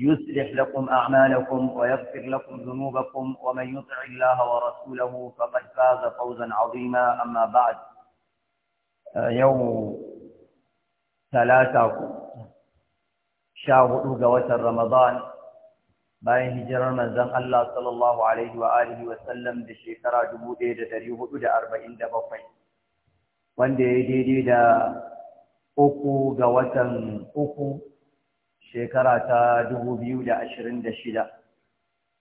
يصلح لكم أعمالكم ويغفر لكم ذنوبكم ومن يطع الله ورسوله فقد فاز فوزا عظيما أما بعد يوم ثلاثة شاهد قوة رمضان bayan hijirar manzon Allah sallallahu alaihi wa alihi wa sallam da shekara 1447 wanda ya daidai da uku ga watan uku shekara ta dubu biyu da ashirin da shida.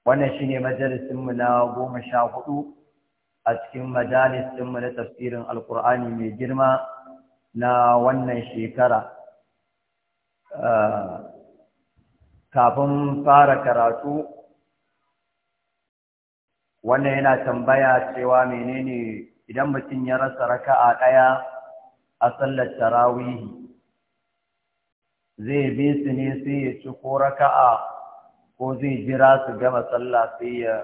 Wannan shi ne majalisinmu na goma sha hudu a cikin majalisinmu na tafsirin alkur'ani mai girma na wannan shekara. Ah, kafin fara karatu, wannan yana tambaya cewa menene idan mutum ya rasa raka'a ɗaya a sallar tarawihi. zai bi su ne sai ya ci ko raka'a ko zai jira su gama sallah sai ya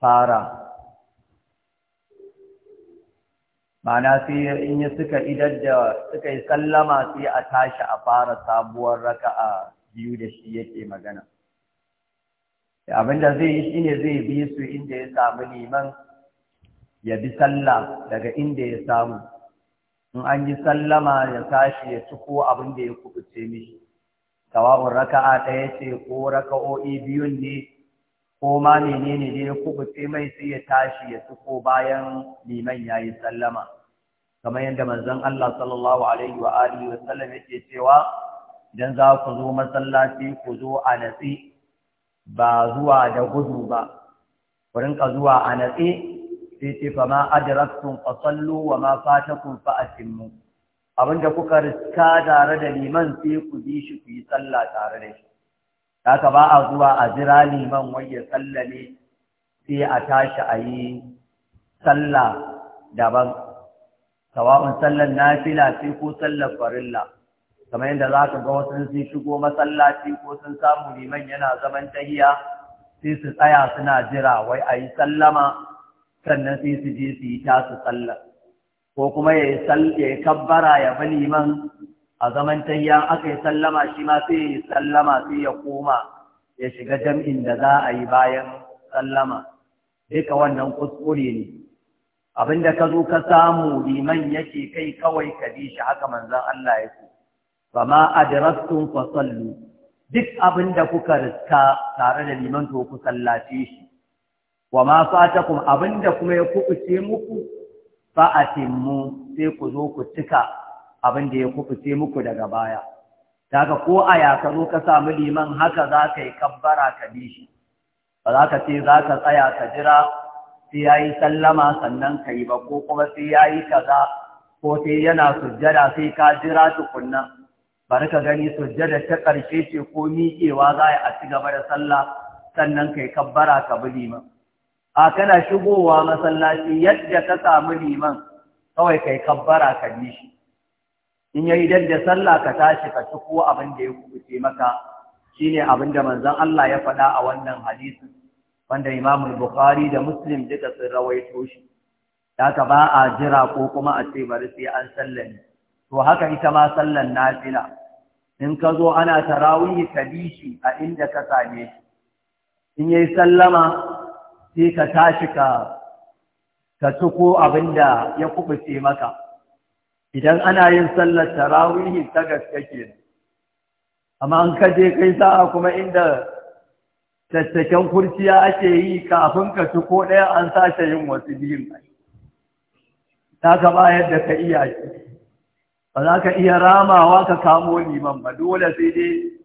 fara mana sai in ya suka idan da suka yi sallama sai a tashi a fara sabuwar raka'a biyu da shi yake magana abinda zai yi shine zai bi su inda ya samu liman ya bi sallah daga inda ya samu in an yi sallama ya tashi ya ci ko abin da ya kubuce mishi tawa'un raka'a ɗaya ce ko raka'o'i biyun ne ko ma menene ne ya kubuce mai sai ya tashi ya ci ko bayan liman ya yi sallama kamar yadda manzon Allah sallallahu alaihi wa alihi wa sallam yake cewa idan za ku zo masallaci ku zo a natsi ba zuwa da gudu ba ku rinka zuwa a natsi sai fa ma adraktum fa sallu wa ma fatakum fa atimmu abinda kuka riska tare da liman sai ku ji shi ku yi sallah tare da shi haka ba a zuwa a jira liman wai ya sallame sai a tashi a yi sallah daban sawa'un sallar nafila sai ko sallar farilla kamar yadda za ka ga wasu sun shigo masallaci ko sun samu liman yana zaman tahiya sai su tsaya suna jira wai a yi sallama sannan sai su je su yi su sallar ko kuma ya yi kabbara ya bi liman a zaman tayya aka yi sallama shi ma sai ya yi sallama sai ya koma ya shiga jam'in da za a yi bayan sallama duka wannan kuskure ne abinda ka zo ka samu liman yake kai kawai ka bi shi haka manzon Allah ya ce Bama adrastum fa sallu duk abinda kuka riska tare da liman to ku sallace shi wa ma fatakum abinda kuma ya kubuce muku ba a atimmu sai ku zo ku cika abinda ya kubuce muku daga baya daga ko aya ka zo ka samu liman haka za ka yi kabbara ka bi shi ba za ka ce za ka tsaya ka jira sai ya yi sallama sannan ka yi ba ko kuma sai ya yi kaza ko sai yana sujjada sai ka jira tukunna bari ka gani sujjada ta ƙarshe ce ko miƙewa za a ci gaba da sallah sannan kai kabbara ka bi liman a kana shigowa masallaci yadda ka samu liman kawai kai kabbara ka bi shi in yayi da sallah ka tashi ka ci ko abin da ya kubuce maka shine abin da manzon Allah ya faɗa a wannan hadisin wanda Imam Bukhari da Muslim duka sun rawaito shi haka ba a jira ko kuma a ce bari sai an sallame to haka ita ma sallan nafila in ka zo ana tarawih ka bi shi a inda ka same shi in yayi sallama sai ka tashi ka ka tuko da ya kubuce maka idan ana yin sallar tarawihi ta gaske ke amma an kaje kai sa'a kuma inda tattakin kurciya ake yi kafin ka tuko ko ɗaya an sace yin wasu biyun ta ka ba yadda ka iya ba za ka iya ramawa ka kamo liman ba dole sai dai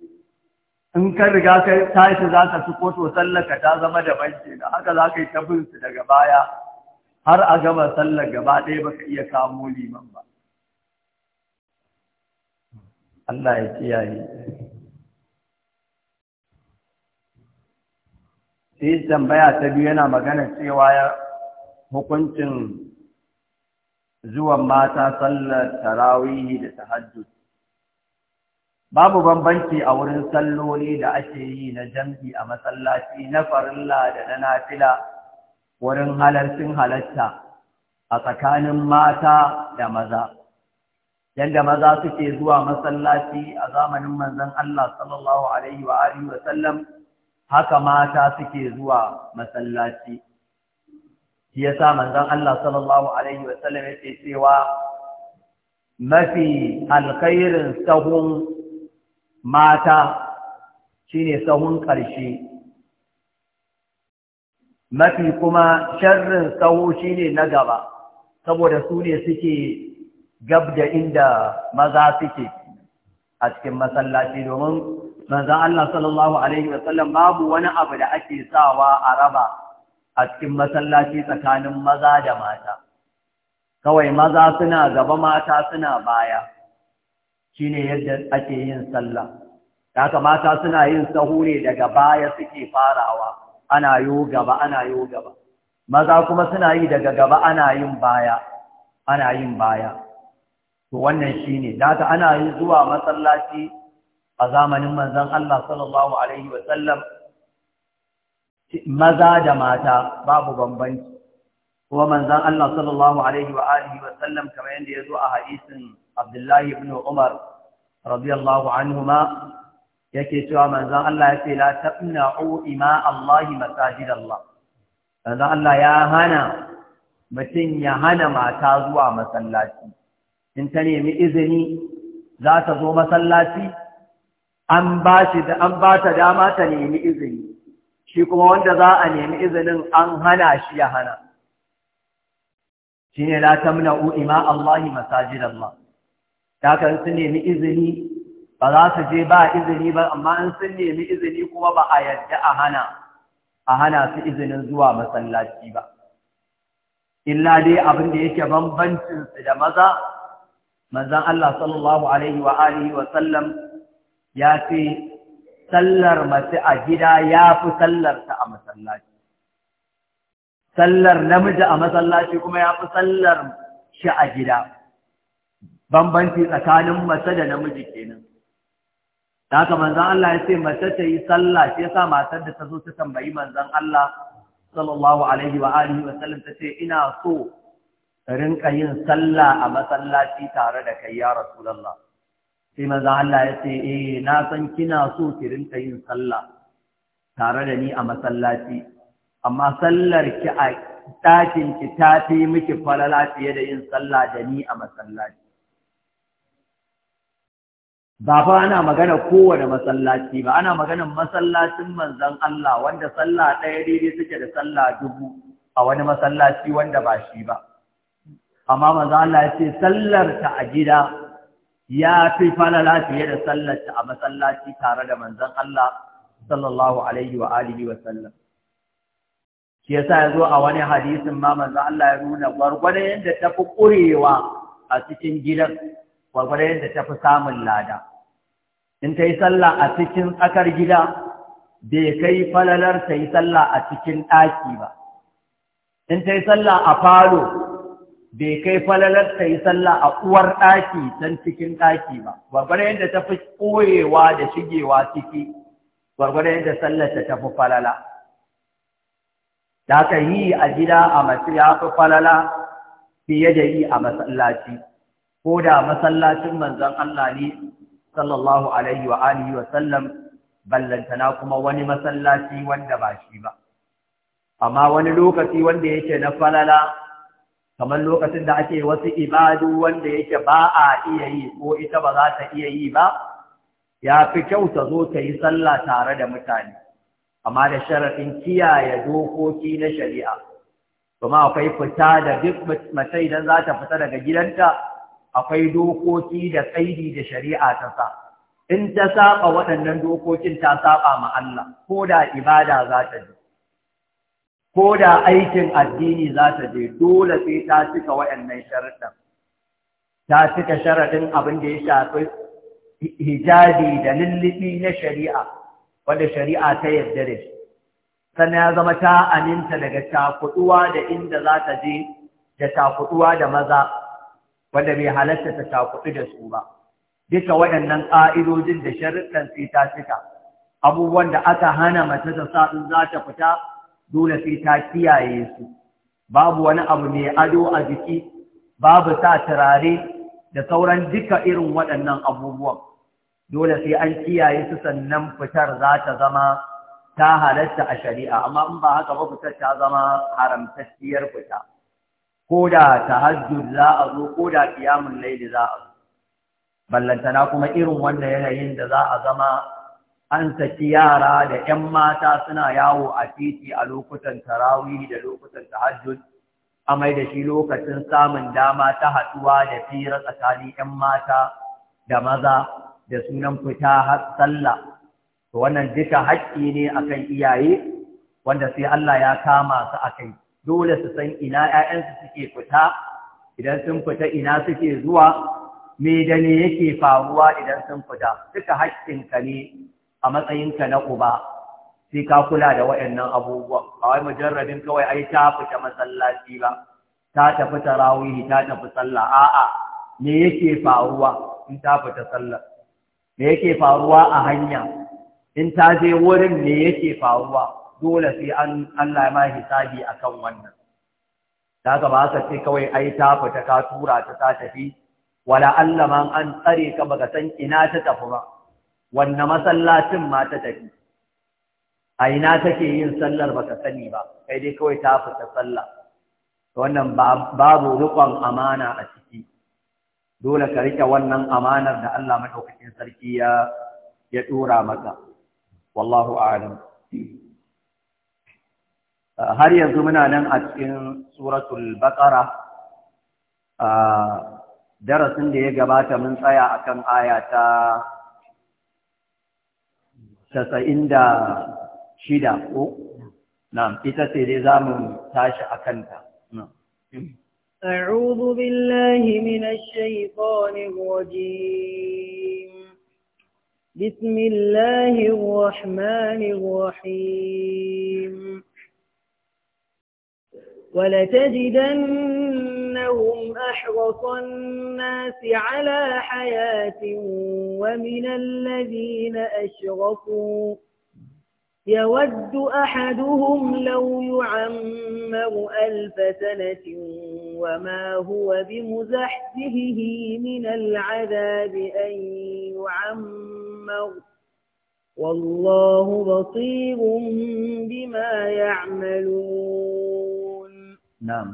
in ka riga ka tashi za ka ci koto sallaka ta zama da banki da haka za ka yi tabin su daga baya har a gama sallar gaba ɗaya ba ka iya kamo liman ba Allah ya kiyaye sai tambaya ta biyu yana magana cewa ya hukuncin zuwan mata sallar tarawihi da tahajjud babu bambanci a wurin salloli da ake yi na jam'i a masallaci na farilla da na nafila wurin halarcin halarta a tsakanin mata da maza yadda maza suke zuwa masallaci a zamanin manzon Allah sallallahu alaihi wa alihi wa sallam haka mata suke zuwa masallaci shi yasa manzon Allah sallallahu alaihi wa sallam yake cewa mafi alkhairin sahun mata shine sahun ƙarshe mafi kuma sharrin sahu shine na gaba saboda su ne suke gab da inda maza suke a cikin masallaci domin manzan Allah sallallahu Alaihi wasallam babu wani abu da ake sawa a raba a cikin masallaci tsakanin maza da mata kawai maza suna gaba mata suna baya shine yadda ake yin sallah da haka mata suna yin sahu ne daga baya suke farawa ana yo gaba ana yo gaba maza kuma suna yi daga gaba ana yin baya ana yin baya to wannan shine da haka ana yi zuwa masallaci a zamanin manzon Allah sallallahu alaihi wa sallam maza da mata babu bambanci kuma manzon Allah sallallahu alaihi wa alihi wa sallam kamar yadda yazo a hadisin Abdullahi ibn Umar radiyallahu anhuma yake cewa manzon Allah ya ce la tabna'u ima Allah masajid Allah manzon Allah ya hana mutum ya hana mata zuwa masallaci in ta nemi izini za ta zo masallaci an ba shi da an ba ta dama ta nemi izini shi kuma wanda za a nemi izinin an hana shi ya hana shi ne la tamna'u ima Allah masajid Allah da sun nemi izini ba za su je ba izini ba amma in sun nemi izini kuma ba a yadda a hana a hana su izinin zuwa masallaci ba illa dai abin da yake bambancin su da maza manzon Allah sallallahu alaihi wa alihi wa sallam ya ce sallar mace a gida ya fi sallar ta a masallaci sallar namiji a masallaci kuma ya fi sallar shi a gida bambanci tsakanin mace da namiji kenan da haka manzon Allah ya ce mace ta yi sallah shi yasa matar da ta zo ta tambayi manzan Allah sallallahu alaihi wa alihi wa sallam ta ce ina so rinka yin sallah a masallaci tare da kai ya rasulullah sai manzon Allah ya ce eh na san kina so ki rinka yin sallah tare da ni a masallaci amma sallar ki a ɗakin ki ta fi miki falala fiye da yin sallah da ni a masallaci ba fa ana magana kowane masallaci ba ana maganar masallacin manzon Allah wanda sallah ɗaya daidai suke da sallah dubu a wani masallaci wanda ba shi ba amma manzon Allah ya ce sallar ta a gida ya fi falala fiye da sallar ta a masallaci tare da manzon Allah sallallahu alaihi wa alihi wa sallam shi yasa yazo a wani hadisin ma manzon Allah ya nuna gwargwadon yadda tafi kurewa a cikin gidan gwargwadon yadda tafi samun lada in ta yi sallah a cikin tsakar gida bai kai falalar ta yi sallah a cikin ɗaki ba in ta yi sallah a falo bai kai falalar ta yi sallah a uwar ɗaki can cikin ɗaki ba gwargwaron yadda ta fi ɓoyewa da shigewa ciki gwargwaron yadda sallar ta tafi falala da yi a gida a masu ya fi falala fiye da yi a masallaci ko da masallacin manzon Allah ne sallallahu alaihi wa alihi wa sallam ballantana kuma wani masallaci wanda ba shi ba amma wani lokaci wanda yake na falala kamar lokacin da ake wasu ibadu wanda yake ba a iya yi ko ita ba za ta iya yi ba ya fi kyau ta zo ta yi sallah tare da mutane amma da sharaɗin kiyaye dokoki na shari'a kuma akwai fita da duk mace idan za ta fita daga gidanta akwai dokoki da tsaidi da shari'a ta sa in ta saba waɗannan dokokin ta saba ma Allah ko da ibada za ta je ko da aikin addini za ta je dole sai ta cika waɗannan sharuɗin ta cika sharaɗin abin da ya shafi hijabi da lullubi na shari'a wanda shari'a ta yarda da shi sannan ya zama ta aminta daga takuduwa da inda za ta je da takuduwa da maza wanda bai halatta ta takuɗi da su ba duka waɗannan ƙa'idojin da sharuɗan sai ta cika abubuwan da aka hana mace ta sa in za ta fita dole sai ta kiyaye su babu wani abu mai ado a jiki babu sa turare da sauran duka irin waɗannan abubuwan dole sai an kiyaye su sannan fitar za ta zama ta halatta a shari'a amma in ba haka ba fitar ta zama haramtacciyar fita ko da tahajjud za a zo ko da qiyamul layli za a zo ballantana kuma irin wannan yanayin da za a zama an saki yara da 'yan mata suna yawo a titi a lokutan tarawih da lokutan tahajjud a mai da shi lokacin samun dama ta haɗuwa da fira tsakanin 'yan mata da maza da sunan fita har sallah to wannan duka haƙƙi ne akan iyaye wanda sai Allah ya kama su akai dole su san ina ‘ya'yansu suke fita idan sun fita ina suke zuwa me da ne yake faruwa idan sun fita Suka haƙƙinka ne a matsayinka na uba sai ka kula da waɗannan abubuwan ba wai mujarradin kawai ai ta fita masallaci ba ta tafi tarawih ta tafi sallah a'a me yake faruwa in ta fita sallah me yake faruwa a hanya in ta je wurin me yake faruwa dole sai an Allah ma hisabi akan wannan da haka ba haka ce kawai ai ta fita ka tura ta ta tafi wala allaman an tsare ka baka san ina ta tafi ba Wanne masallacin ma ta tafi a ina take yin sallar baka sani ba kai dai kawai ta fita sallah wannan babu rukon amana a ciki dole ka rike wannan amanar da Allah madaukakin sarki ya ya dora maka wallahu a'lam har yanzu muna nan a cikin suratul baqara darasin da ya gabata mun tsaya akan aya ta 96 ko na'am ita ce dai zamu tashi akan ta أعوذ بالله من الشيطان الرجيم بسم الله الرحمن الرحيم ولتجدنهم أحرص الناس على حياة ومن الذين أشرفوا يود أحدهم لو يعمر ألف سنة وما هو بمزحزحه من العذاب أن يعمر والله بصير بما يعملون Na'am.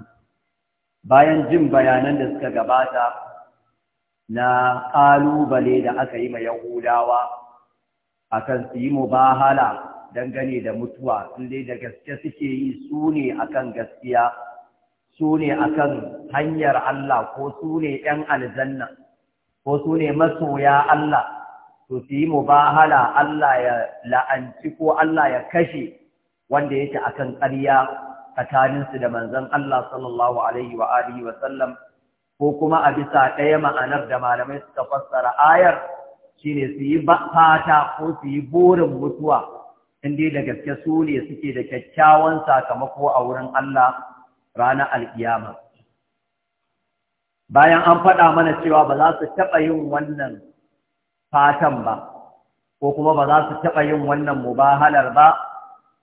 Bayan jin bayanan da suka gabata na ƙalubale da aka yi ma Yahudawa akan su yi mubahala dangane da mutuwa dai da gaske suke yi su ne akan gaskiya su ne akan hanyar Allah ko su ne ‘yan aljanna ko su ne masoya Allah to su yi mubahala Allah ya la'anci ko Allah ya kashe wanda yake akan ƙarya tsakaninsu da manzon Allah sallallahu alaihi wa alihi ko kuma a bisa ɗaya ma'anar da malamai suka fassara ayar ne su yi fata ko su yi burin mutuwa inda da gaske su ne suke da kyakkyawan sakamako a wurin Allah ranar alkiyama bayan an faɗa mana cewa ba za su taɓa yin wannan fatan ba ko kuma ba za su taɓa yin wannan mubahalar ba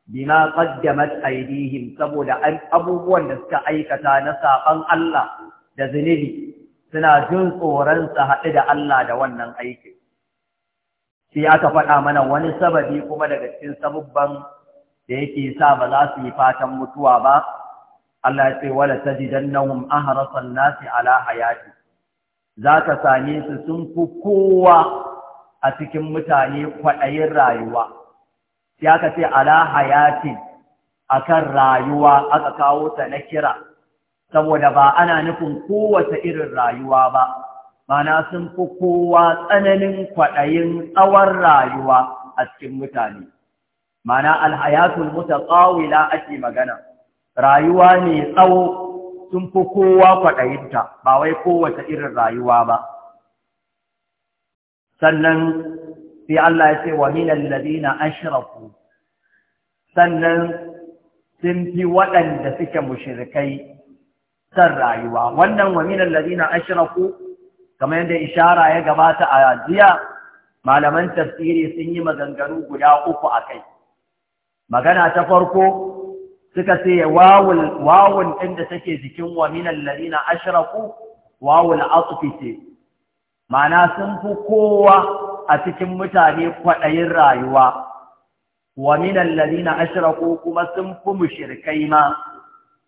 bima qaddamat aydihim saboda abubuwan da suka aikata na saɓan Allah da zunubi suna jin tsoron su haɗu da Allah da wannan aikin sai aka faɗa mana wani sababi kuma daga cikin sabubban da yake sa ba za su yi fatan mutuwa ba Allah ya ce wala tajidannahum ahrasan nasi ala hayati zaka same su sun fi kowa a cikin mutane kwaɗayin rayuwa sai aka ce ala hayatin akan rayuwa aka kawo ta na kira saboda ba ana nufin kowace irin rayuwa ba mana sun fi kowa tsananin kwaɗayin tsawon rayuwa a cikin mutane mana alhayatul mutaqawila ake magana rayuwa ne tsawo sun fi kowa kwaɗayinta ba wai kowace irin rayuwa ba sannan sai Allah ya ce wa minal ladina ashraku sannan sun fi waɗanda suke mushrikai san rayuwa wannan wa minal ladina ashraku kamar yadda ishara ya gabata a jiya malaman tafsiri sun yi maganganu guda uku a kai. magana ta farko suka ce wawul wawun din da take jikin wa minal ladina ashraku wawul atfi ce ma'ana sun fi kowa a cikin mutane kwaɗayin rayuwa wa minan lalina ashiraku kuma sun fi mushirkai ma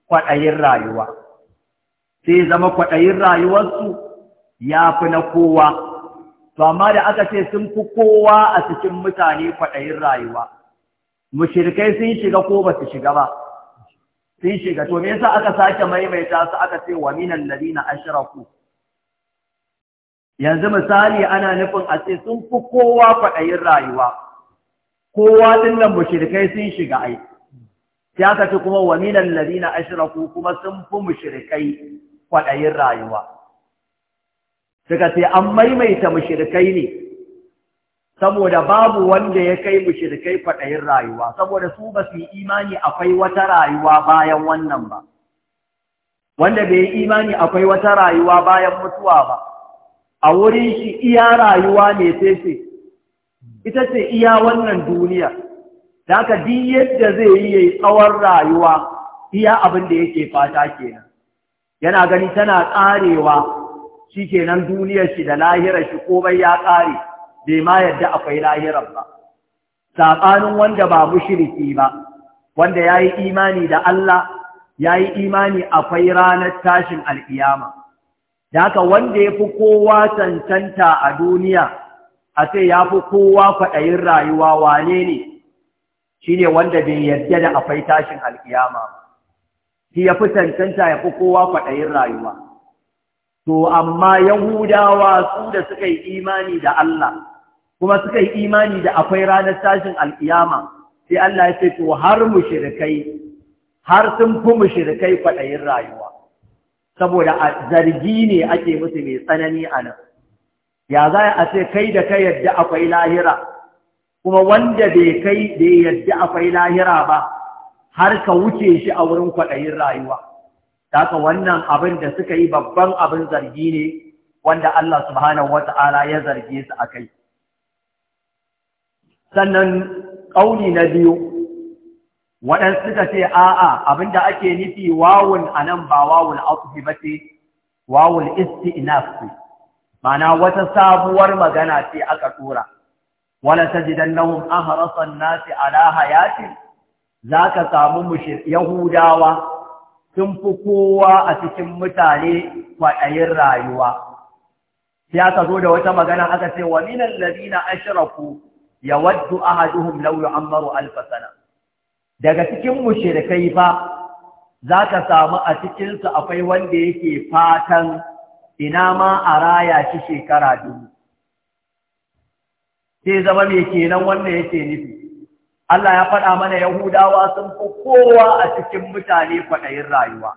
kwaɗayin rayuwa sai zama kwaɗayin rayuwarsu ya fi na kowa to amma da aka ce sun fi kowa a cikin mutane kwaɗayin rayuwa mushirkai sun shiga ko ba su shiga ba sun shiga to me yasa aka sake maimaita su aka ce wa minan lalina ashiraku yanzu misali ana nufin a ce sun fi kowa faɗayin rayuwa kowa nan mushrikai sun shiga ai sai aka ce kuma wa minal ladina ashraku kuma sun fi mushrikai faɗayin rayuwa suka ce an maimaita mushrikai ne saboda babu wanda ya kai mushrikai faɗayin rayuwa saboda su ba su yi imani akwai wata rayuwa bayan wannan ba wanda bai yi imani akwai wata rayuwa bayan mutuwa ba a wurin shi iya rayuwa ne sai ita ce iya wannan duniya da aka yadda zai yi ya yi tsawon rayuwa iya abin da yake fata kenan yana gani tana karewa shikenan duniyar shi da lahirar shi ko bai ya kare bai ma yadda akwai lahirar ba saƙanin wanda ba mushriki ba wanda ya yi imani da Allah ya yi imani akwai ranar tashin al'iyama. da haka wanda ya fi kowa cancanta a duniya a ce ya fi kowa kwaɗayin rayuwa wane ne shi ne wanda bai yarda da akwai tashin alkiyama shi ya fi cancanta ya fi kowa kwaɗayin rayuwa to amma yahudawa su da suka yi imani da Allah kuma suka yi imani da akwai ranar tashin alkiyama sai Allah ya ce to har mushrikai har sun fi mushrikai kwaɗayin rayuwa saboda a zargi ne ake musu mai tsanani a nan ya za a ce kai da ka yadda akwai lahira kuma wanda bai kai da yadda akwai lahira ba har ka wuce shi a wurin kwaɗayin rayuwa daga wannan abin da suka yi babban abin zargi ne wanda Allah subhanahu wata'ala ya zarge su a kai sannan ƙauni na biyu waɗansu suka ce a'a abinda ake nufi wawun anan ba wawun asufi ba ce wawun isti'naf ce mana wata sabuwar magana ce aka tura wala tajidannahum ahrasan nasi ala za zaka samu yahudawa sun fi kowa a cikin mutane kwaɗayin rayuwa sai aka zo da wata magana aka ce wa minan ladina ashraku yawaddu ahaduhum law yu'ammaru alf sana daga cikin mushrikai fa za ka samu a cikinsu akwai wanda yake fatan ina ma a raya shi shekara dubu sai zama mai kenan wanda yake nufi Allah ya faɗa mana Yahudawa sun fi kowa a cikin mutane kwaɗayin rayuwa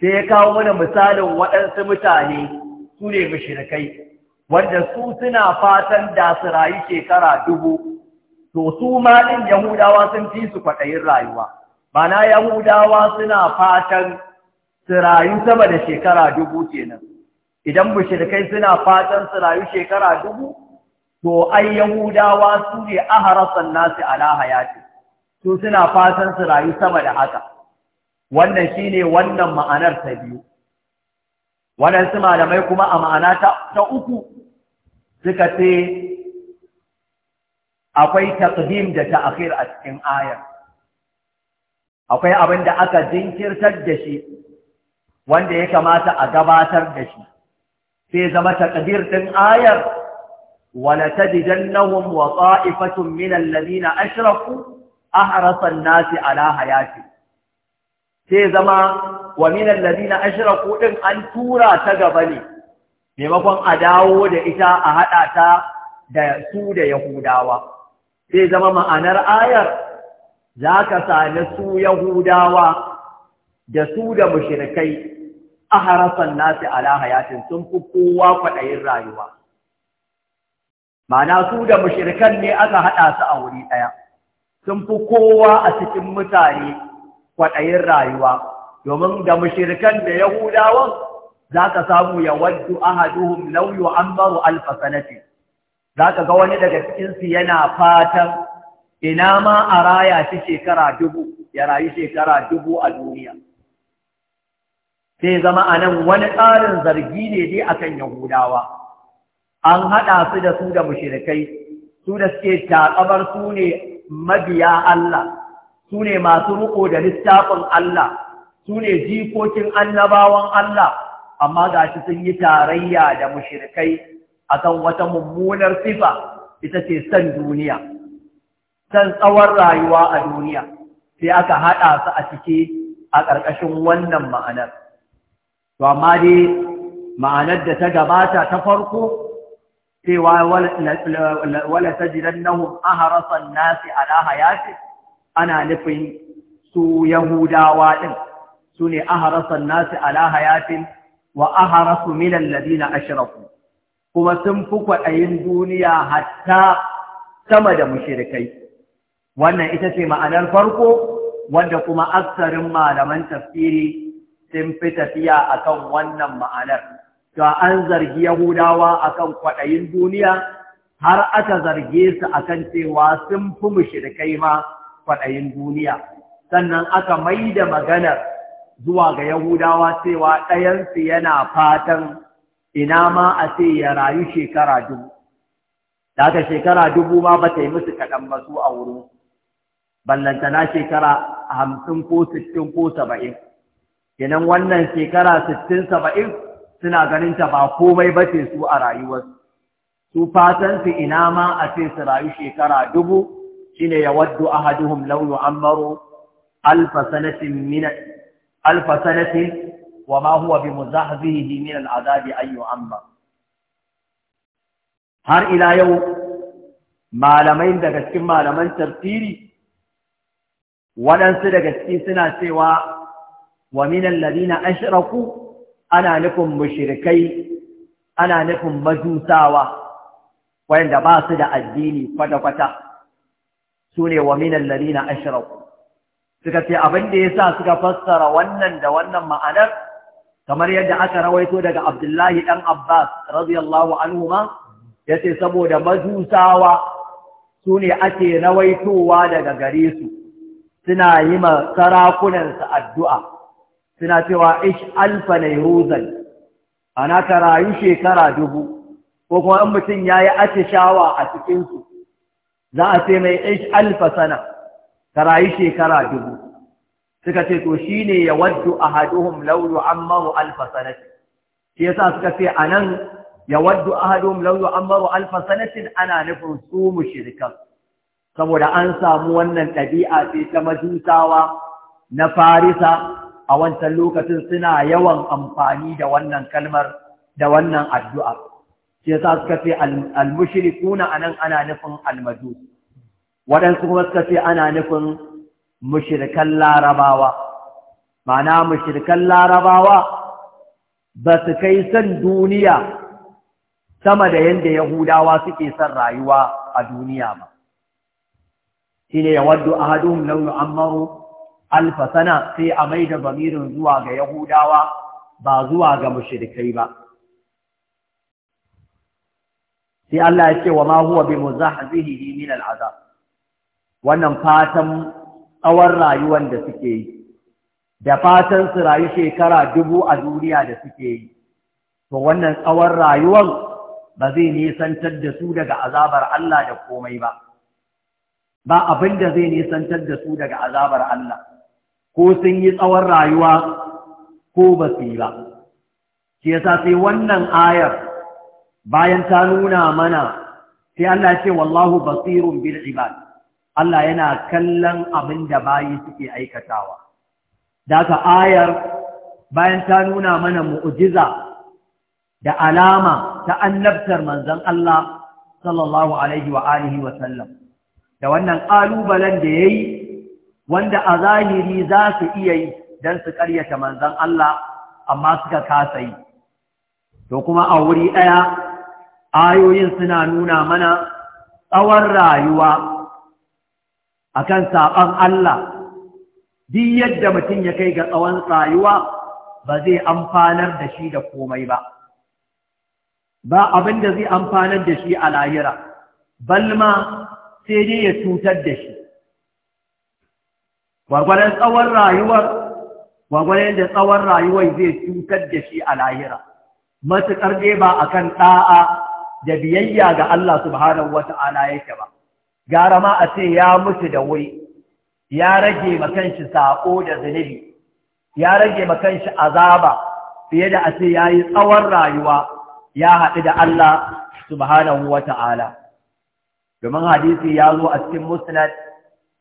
sai ya kawo mana misalin waɗansu mutane su ne mushrikai wanda su suna fatan da su rayu shekara dubu to su ma ɗin Yahudawa sun fi su kwaɗayin rayuwa, mana Yahudawa suna fatan su rayu sama da shekara dubu kenan. Idan mushrikai suna fatan su rayu shekara dubu, to ai Yahudawa su ne a harasan nasu ala hayati, su suna fatan su rayu sama da haka. Wannan shine wannan ma'anar ta biyu. Waɗansu malamai kuma a ma'ana ta uku suka ce akwai taqdim da ta'khir a cikin ayar akwai abin da aka jinkirtar da shi wanda ya kamata a gabatar da shi sai zama taqdir din ayar wala tajidannahum wa qa'ifatun min alladhina ashraku ahrasa an-nasi ala hayati sai zama wa min alladhina ashraku din an tura ta gaba ne maimakon a dawo da ita a hada ta da su da Yahudawa. sai zama ma'anar ayar za ka sami su yahudawa da su da mushirikai a harasan nasi ala hayatin sun fi kowa kwaɗayin rayuwa ma'ana su da mushirikan ne aka haɗa su a wuri ɗaya sun fi kowa a cikin mutane kwaɗayin rayuwa domin da mushirikan da yahudawan za ka samu ya ahaduhum lauyo an baro sanatin za ka ga wani daga cikinsu yana fatan ina ma a raya shi shekara dubu ya rayu shekara dubu a duniya sai zama a nan wani tsarin zargi ne dai akan yahudawa an haɗa su da su da mushirikai su da suke taƙabar su ne mabiya Allah su ne masu riƙo da littafin Allah su ne jikokin annabawan Allah amma ga shi sun yi tarayya da mushirikai akan wata mummunar sifa ita ce san duniya san tsawon rayuwa a duniya sai aka haɗa su a ciki a ƙarƙashin wannan ma'anar to amma dai ma'anar da ta gabata ta farko cewa wala tajidannahum ahrasan nasi ala hayati ana nufin su yahudawa din sune ahrasan nasi ala hayatin wa ahrasu min alladhina ashraku kuma sun fi kwaɗayin duniya hatta sama da mushirikai wannan ita ce ma'anar farko wanda kuma aksarin malaman tafsiri sun fi tafiya akan wannan ma'anar to an zargi yahudawa akan kwaɗayin duniya har aka zarge su akan cewa sun fi mushirikai ma kwaɗayin duniya sannan aka mai da maganar zuwa ga yahudawa cewa ɗayansu yana fatan ina ma a ce ya rayu shekara dubu da aka shekara dubu ma ba ta yi musu kaɗan ba su a wurin ballantana shekara hamsin ko sittin ko saba'in Kinan wannan shekara sittin saba'in suna ganin ta ba komai ba ce su a rayuwarsu su fatan su ina ma a ce su rayu shekara dubu shine ya waddu ahaduhum law yu'ammaru alfa sanatin alfa wa ma huwa bi muzahzihi min al'adabi ayyu amma har yau malamai daga cikin malaman tafsiri waɗansu daga ciki suna cewa wa na alladhina ashraku ana nufin mushrikai ana nufin majusawa wanda ba su da addini kwata-kwata su ne wa min alladhina ashraku suka ce abin da sa suka fassara wannan da wannan ma'anar kamar yadda aka rawaito daga Abdullahi ɗan Abbas radiyallahu ya yace saboda majusawa sune ake rawaitowa daga gare su suna yi ma sarakunan su addu'a suna cewa ish alfa nayruzan ana rayu shekara dubu ko kuma in mutum yayi atishawa a cikin su za a ce mai ish alfa sana karayu shekara dubu suka ce to shine ya waddu ahaduhum laulu ammaru alfa sanati shi yasa suka ce anan ya waddu ahaduhum laulu ammaru alfa sanatin ana nufin su mushrikan saboda an samu wannan ɗabi'a ce ta majusawa na farisa a wancan lokacin suna yawan amfani da wannan kalmar da wannan addu'a shi yasa suka ce al-mushrikuna anan ana nufin al-majus waɗansu kuma suka ce ana nufin mushirikan larabawa ma'ana mushirikan larabawa ba su kai san duniya sama da yadda yahudawa suke son rayuwa a duniya ba shi ne yawaddu ahaduhum law yu'ammaru alf sana sai a mai da bamirin zuwa ga yahudawa ba zuwa ga mushirikai ba sai Allah ya ce wa ma huwa bi muzahzihi min al'azab wannan fatan tsawon rayuwan da suke yi, da fatan su rayu shekara dubu a duniya da suke yi, to wannan tsawon rayuwan ba zai nisantar da su daga azabar Allah da komai ba, ba abin da zai nisantar da su daga azabar Allah, ko sun yi tsawon rayuwa ko ba su yi ba. Shi yasa sai wannan ayar bayan ta nuna mana sai Allah ce wallahu basirun bil ibad Allah yana kallon abin da bayi suke aikatawa. Daka ayar bayan ta nuna mana mu'ujiza da alama ta annabtar manzon Allah sallallahu alaihi wa alihi wa sallam. Da wannan ƙalubalen da ya yi wanda a zahiri za su iya yi don su ƙaryata manzon Allah amma suka kasa yi. To kuma a wuri ɗaya ayoyin suna nuna mana tsawon rayuwa akan saban Allah duk yadda mutum ya kai ga tsawon tsayuwa ba zai amfanar da shi da komai ba ba abin da zai amfanar da shi a lahira balma sai dai ya cutar da shi gwagwaran tsawon rayuwar gwagwaran da tsawon rayuwar zai cutar da shi a lahira matuƙar dai ba akan ɗa'a da biyayya ga Allah subhanahu wata'ala yake ba gara ma a ce ya mutu da wuri ya rage makanshi saƙo da zunubi ya rage makanshi azaba fiye da a ce ya yi tsawon rayuwa ya haɗu da Allah subhanahu wa ta'ala domin hadisi ya zo a cikin musnad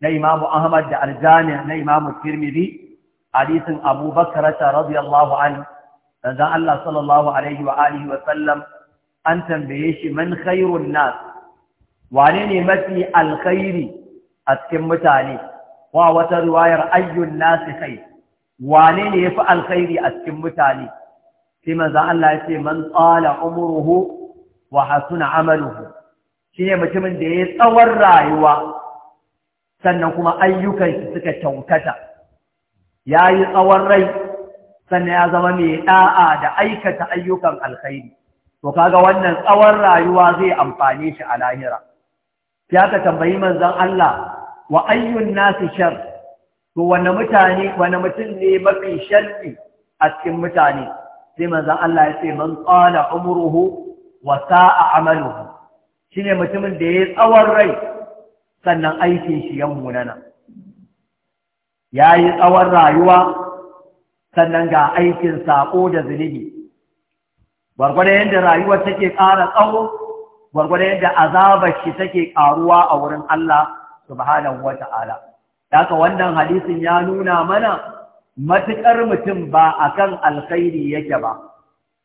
na imamu ahmad da aljami na imamu tirmidhi hadisin abu bakarata radiyallahu an dan Allah sallallahu alaihi wa alihi wa sallam an tambaye shi man khairun nas wane ne mafi alkhairi a cikin mutane wa wata riwayar ayyun nasi kai wane ne yafi alkhairi a cikin mutane sai manzo Allah ya ce man tsala umruhu wa hasuna amaluhu ne mutumin da yi tsawon rayuwa sannan kuma ayyukan shi suka kyautata yayi tsawon rai sannan ya zama mai da'a da aikata ayyukan alkhairi to kaga wannan tsawon rayuwa zai amfane shi a lahira sai aka tambayi manzon Allah wa ayyun nasi shar to wanne mutane wanne mutum ne mafi sharri a cikin mutane sai manzon Allah ya ce man qala umruhu wa sa'a amaluhu shine mutumin da yayi tsawon rai sannan aikin shi ya munana yayi tsawon rayuwa sannan ga aikin sako da zunubi gwargwadon yadda rayuwar take ƙara tsawo gwargwadon yadda azabar shi take karuwa a wurin Allah subhanahu wata'ala haka wannan hadisin ya nuna mana matuƙar mutum ba akan alkhairi yake ba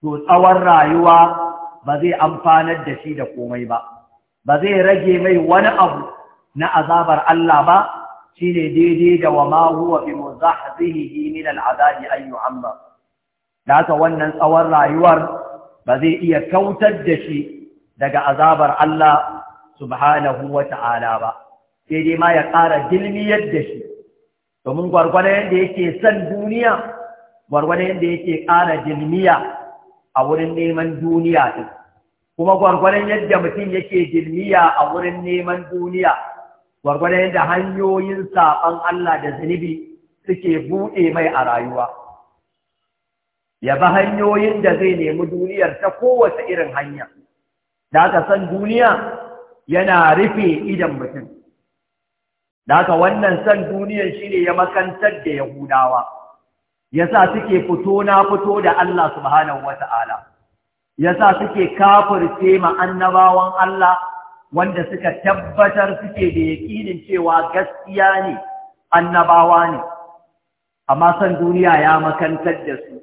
to tsawon rayuwa ba zai amfanar da shi da komai ba ba zai rage mai wani abu na azabar Allah ba shine daidai da wa ma huwa bi muzahzihi min al'adabi an yu'amma haka wannan tsawon rayuwar ba zai iya kautar da shi daga azabar Allah subhanahu wa ta'ala ba, sai dai ma ya ƙara dilmi yadda shi, domin gwargwada yadda yake san duniya, gwargwada yadda yake ƙara dilmiya a wurin neman duniya ɗin, kuma gwargwadon yadda mutum yake dilmiya a wurin neman duniya, gwargwadon yadda hanyoyin saɓan Allah da zunubi suke buɗe mai a rayuwa. Ya bi hanyoyin da zai nemi duniyar ta kowace irin hanya. da aka san duniya yana rufe idan mutum da aka wannan san duniyan ne ya makantar da yahudawa yasa suke fito na fito da Allah subhanahu wata'ala yasa suke kafirce ma annabawan Allah wanda suka tabbatar suke da yaƙinin cewa gaskiya ne annabawa ne amma san duniya ya makantar da su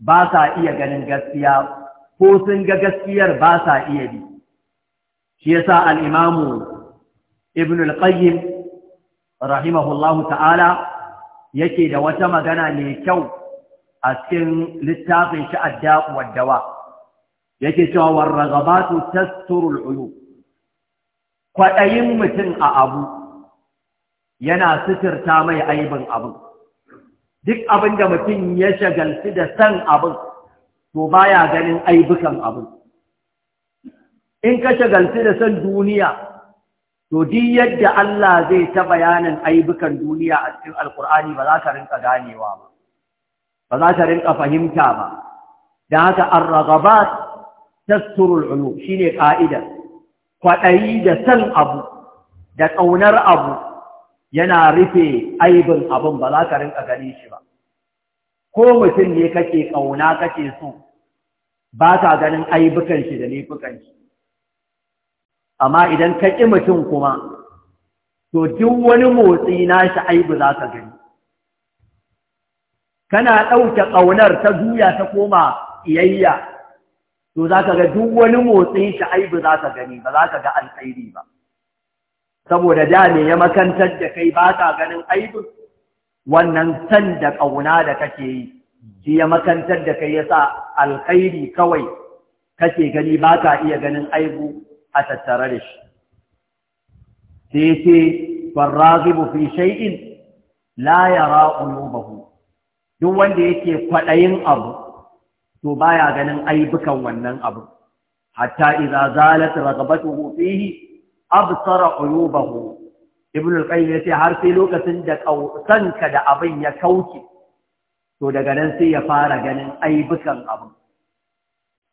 ba sa iya ganin gaskiya ko sun ga gaskiyar ba sa iya bi shi yasa al-imamu ibn al-qayyim rahimahullahu ta'ala yake da wata magana mai kyau a cikin littafin shi addaq wadawa yake cewa warragabatu tasturul uyub kwadayin mutum a abu yana sitirta mai aibin abu. duk abin da mutum ya shagalci da san abin to baya ganin aibukan abu in ka shagaltu da san duniya to duk yadda Allah zai ta bayanin aibukan duniya a cikin alkur'ani ba za ka rinka ganewa ba ba za ka rinka fahimta ba da haka ar-ragabat tasturul ulum shine ka'ida kwadayi da san abu da kaunar abu yana rufe aibin abin ba za ka rinka gani shi ba ko mutum ne kake ƙauna kake so ba ka ganin aibukan shi da laifukan shi amma idan ka ƙi mutum kuma to duk wani motsi na shi aibu za ka gani kana ɗauke ƙaunar ta juya ta koma iyayya to za ka ga duk wani motsi shi aibu za ka gani ba za ka ga alƙairi ba saboda da ne ya makantar da kai ba ka ganin aibu wannan san da ƙauna da kake yi shi ya makantar da kai yasa alkhairi kawai kake gani ba ka iya ganin aibu a tattare da shi sai ce farrazibu fi shay'in la yara ulubahu duk wanda yake kwaɗayin abu to baya ganin aibukan wannan abu hatta idza zalat raghabatuhu fihi absara ulubahu ibn al-qayyim yace har sai lokacin da kausanka da abin ya kauce to daga nan sai ya fara ganin aibukan abin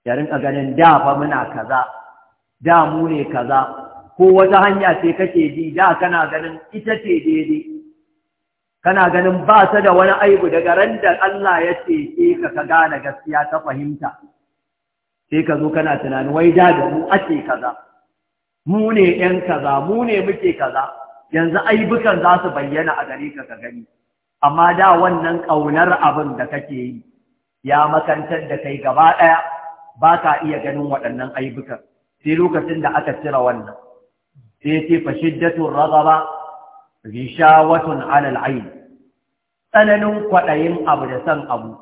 ya rinka ganin da fa muna kaza da mu ne kaza ko wata hanya ce kake ji da kana ganin ita ce daidai kana ganin ba ta da wani aibu daga ran da Allah ya ce ke ka ka gane gaskiya ta fahimta sai ka zo kana tunanin wai da da mu ake kaza mu ne ƴan kaza mu ne muke kaza yanzu aibukan za su bayyana a gare ka ka gani amma da wannan ƙaunar abin da kake yi ya makantar da kai gaba ɗaya ba ka iya ganin waɗannan aibukan sai lokacin da aka cire wannan sai ce fa shiddatun ragaba rishawatun al ayn tsananin kwaɗayin abu da san abu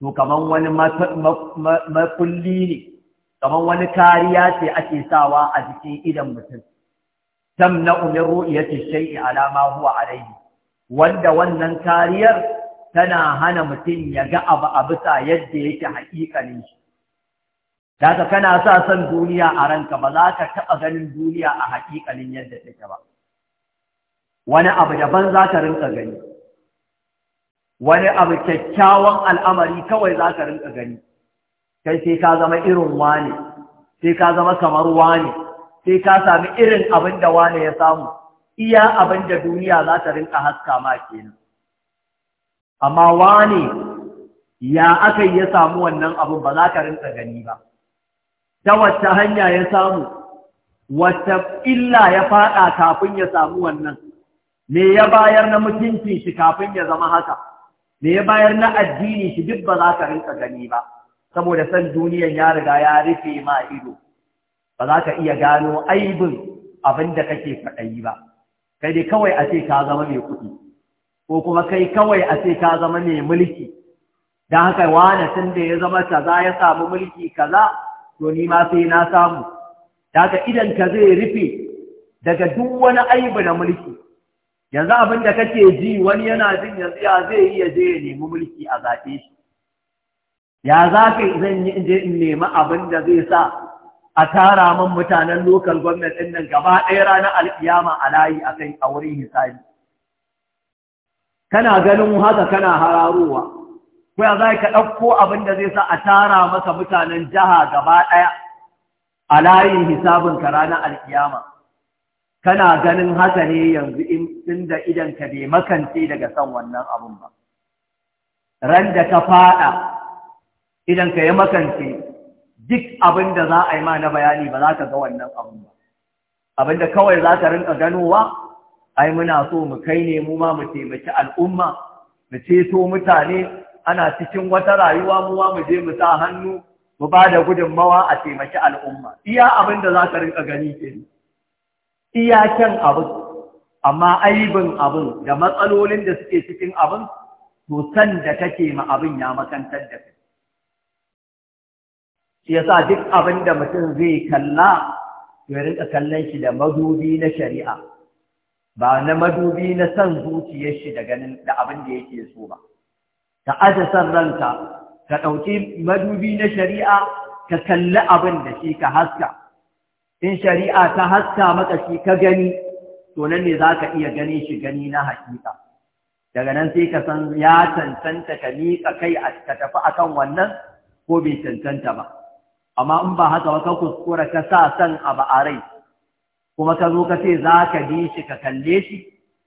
to kaman wani makulli ne kaman wani kariya ce ake sawa a jikin idan mutum tamna'u min ru'yati shay'i ala ma huwa alayhi wanda wannan kariyar tana hana mutum ya ga abu a bisa yadda yake haƙiƙanin shi daga kana sa son duniya a ranka ba za ka taɓa ganin duniya a haƙiƙanin yadda take ba wani abu daban za ka rinka gani wani abu kyakkyawan al'amari kawai za ka rinka gani kai sai ka zama irin wani sai ka zama kamar wane sai ka sami irin abin da wane ya samu iya abin da duniya za ta rinka haska ma kenan amma wane ya aka ya samu wannan abin ba za ka rinka gani ba ta wacce hanya ya samu wacce illa ya fada kafin ya samu wannan me ya bayar na mutuncin shi kafin ya zama haka me ya bayar na addini shi duk ba za ka rinka gani ba saboda san duniyan ya riga ya rufe ma ido ba za ka iya gano aibin abin da kake faɗayi ba kai dai kawai a ce ka zama mai kuɗi ko kuma kai kawai a ce ka zama mai mulki Da haka wane tun da ya zama za ya samu mulki kaza to ni ma sai na samu daga idan ka zai rufe daga duk wani aibi na mulki yanzu abin da kake ji wani yana jin yanzu ya zai iya je ya nemi mulki a zaɓe shi ya za ka zan yi in je in nemi abin da zai sa a tara man mutanen local government ɗin nan gaba ɗaya ranar alkiyama a layi a kan a wurin hisabi kana ganin haka kana hararowa ko ya za ka ɗauko abin da zai sa a tara masa mutanen jiha gaba ɗaya a layin hisabin ka ranar alkiyama kana ganin haka ne yanzu inda idan ka bai makance daga san wannan abin ba ran da ka faɗa idan ka yi makance duk abin da za a yi ma na bayani ba za ka ga wannan abin ba abin da kawai za ka rinka ganowa ai muna so mu kai ne mu ma mu taimaki al'umma mu ceto mutane ana cikin wata rayuwa mu ma mu je mu sa hannu mu ba da gudunmawa a taimaki al'umma iya abin da za ka rinka gani ke iya kyan abin amma aibin abin da matsalolin da suke cikin abin to san da kake ma abin ya makantar da kai shi yasa duk abin da mutum zai kalla ya rinka kallon shi da madubi na shari'a ba na madubi na san zuciyar shi da ganin da abin da yake so ba ka aje san ranka ka ɗauki madubi na shari'a ka kalli abin da shi ka haska in shari'a ta haska maka shi ka gani to nan ne za ka iya gani shi gani na hakika daga nan sai ka san ya cancanta ka miƙa kai a ka tafi akan wannan ko bai cancanta ba amma in ba haka wata kuskura ka sa san abu a rai kuma ka zo ka ce za ka bi shi ka kalle shi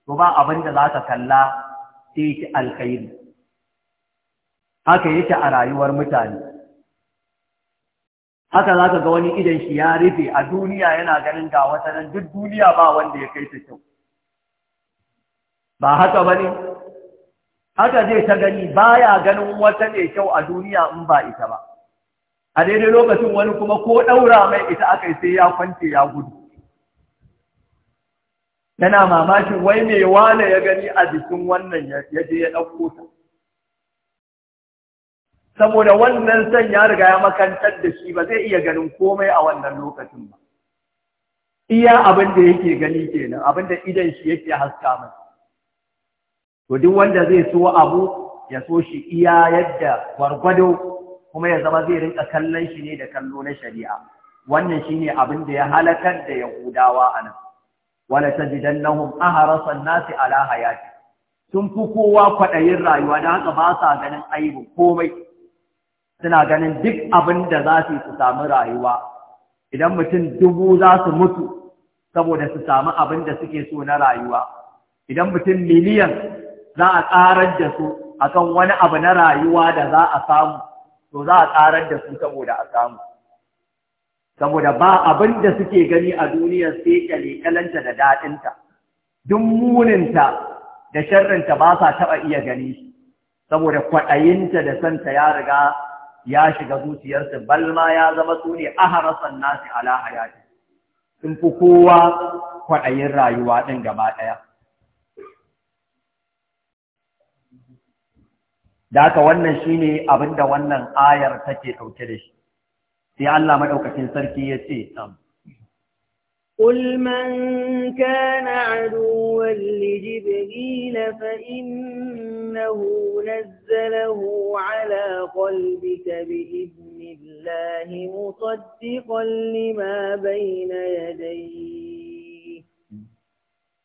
to ba abin da za ka kalla sai ki alkhairi haka yake a rayuwar mutane haka za ka ga wani idan shi ya rufe a duniya yana ganin ga wata nan duk duniya ba wanda ya kai ta kyau ba haka ba ne haka zai ta gani baya ganin wata mai kyau a duniya in ba ita ba a daidai lokacin wani kuma ko ɗaura mai ita aka yi sai ya kwance ya gudu yana mamakin wai mai wane ya gani a jikin wannan ya je ya ɗauko ta saboda wannan son ya riga ya makantar da shi ba zai iya ganin komai a wannan lokacin ba iya abin da yake gani kenan abin da idan shi yake haska mai to duk wanda zai so abu ya so shi iya yadda gwargwado kuma ya zama zai rinka kallon shi ne da kallo na shari'a wannan shine abin da ya halakar da yahudawa a nan wala tajidannahum aharasa an-nasi ala hayati sun fi kowa kwaɗayin rayuwa da haka ba sa ganin aibu komai suna ganin duk abin da za su yi su samu rayuwa idan mutum dubu za su mutu saboda su samu abin da suke so na rayuwa idan mutum miliyan za a ƙarar da su akan wani abu na rayuwa da za a samu to za a karar da su saboda a samu saboda ba abin da suke gani a duniya sai kyalekyalanta da daɗinta duk muninta da sharrinta ba sa taɓa iya gani saboda kwaɗayinta da santa ya riga ya shiga zuciyarsu balma ya zama su ne harasan nasi ala hayati sun fi kowa kwaɗayin rayuwa ɗin gaba ɗaya da wannan shine abinda wannan ayar take dauke da shi sai Allah madaukakin sarki ya ce قل من كان عدوا لجبريل فإنه نزله على قلبك بإذن الله مصدقا لما بين يديه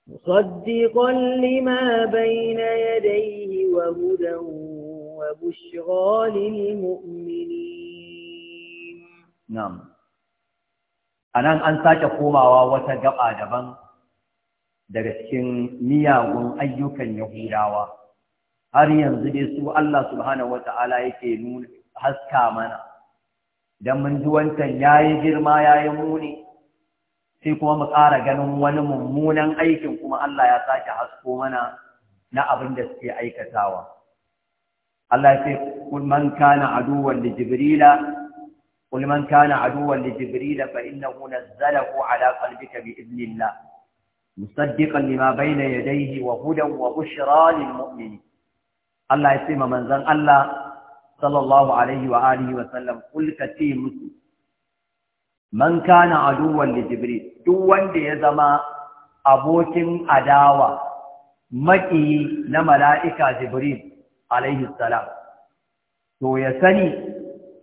مصدقا لما بين يديه وهدى وبشرى للمؤمنين نعم anan an sake komawa wata gaba daban daga cikin miyagun ayyukan yahudawa har yanzu dai su Allah subhanahu wata'ala yake nuna haska mana dan mun ji wancan yayi girma yayi muni sai kuma mu ƙara ganin wani mummunan aikin kuma Allah ya sake hasko mana na abin da suke aikatawa Allah ya ce kul man kana aduwwan li jibrila kul man kana aduwwan li jibrila fa innahu nazzalahu ala qalbika bi idnillah musaddiqan lima bayna yadayhi wa hudan wa bushra lil mu'minin Allah ya ce ma manzan Allah sallallahu alaihi wa alihi wa sallam kul kati musu man kana aduwwan li jibril duk wanda ya zama abokin adawa maƙiyi na mala'ika jibril alaihi salam to ya sani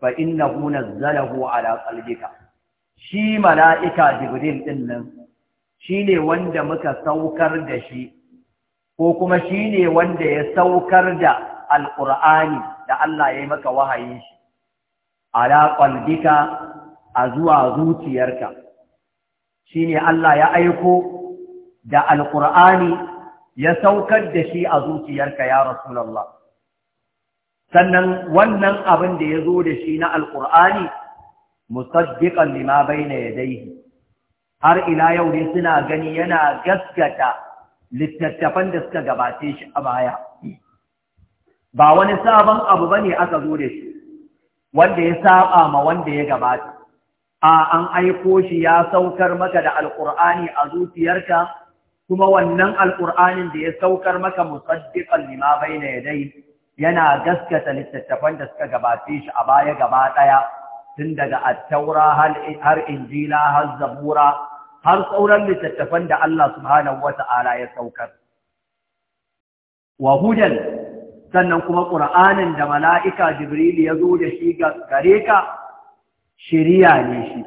fa innahu nazzalahu ala qalbika shi mala'ika jibril din nan shine wanda muka saukar da shi ko kuma shine wanda ya saukar da alqur'ani da Allah ya yi maka wahayin shi ala qalbika a zuwa zuciyarka shine Allah ya aiko da Alƙur'ani ya saukar da shi a zuciyarka ya rasulallah. sannan wannan abin da ya zo da shi na alƙur'ani musaddiƙan lima ya daihi, har ila yau ne suna gani yana gaskata littattafan da suka gabace shi a baya ba wani sabon abu ba ne aka zo da shi wanda ya saba ma wanda ya gabata a an aiko shi ya saukar maka da alƙur'ani a zuciyarka kuma wannan alƙur'anin da ya saukar maka musaddiƙan lima ya daihi. yana gaskata littattafan da suka gabace shi a baya gaba ɗaya tun daga attaura har injila har zabura har sauran littattafan da Allah subhanahu wata'ala ya saukar Wahudan, sannan kuma qur'anin da mala'ika jibril ya zo da shi gare ka shirya ne shi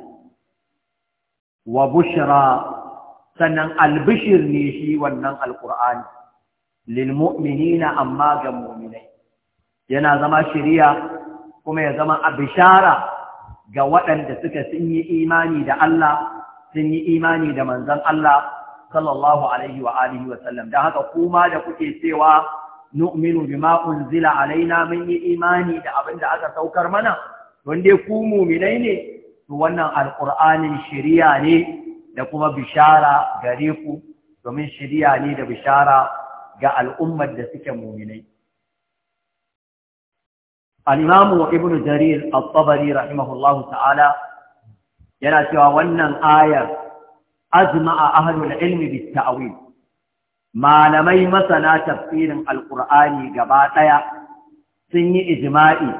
wa bushira sannan albishir ne shi wannan alqur'ani lil mu'minina amma ga mu'minai yana zama shiriya kuma ya zama abishara ga waɗanda suka sun yi imani da Allah sun yi imani da manzon Allah sallallahu alaihi wa alihi wa sallam dan haka kuma da kuke cewa nu'minu bima unzila alaina mun yi imani da abin da aka saukar mana wanda ku mu'minai ne to wannan alqur'anin shiriya ne da kuma bishara gare ku domin shiriya ne da bishara ga al'ummar da suke mu'minai Alimamu imamu ibnu jarir at rahimahullahu ta'ala yana cewa wannan ayar azma'a ahlul ilmi bit ta'wil malamai masana tafsirin Alƙur'ani gaba ɗaya sun yi ijma'i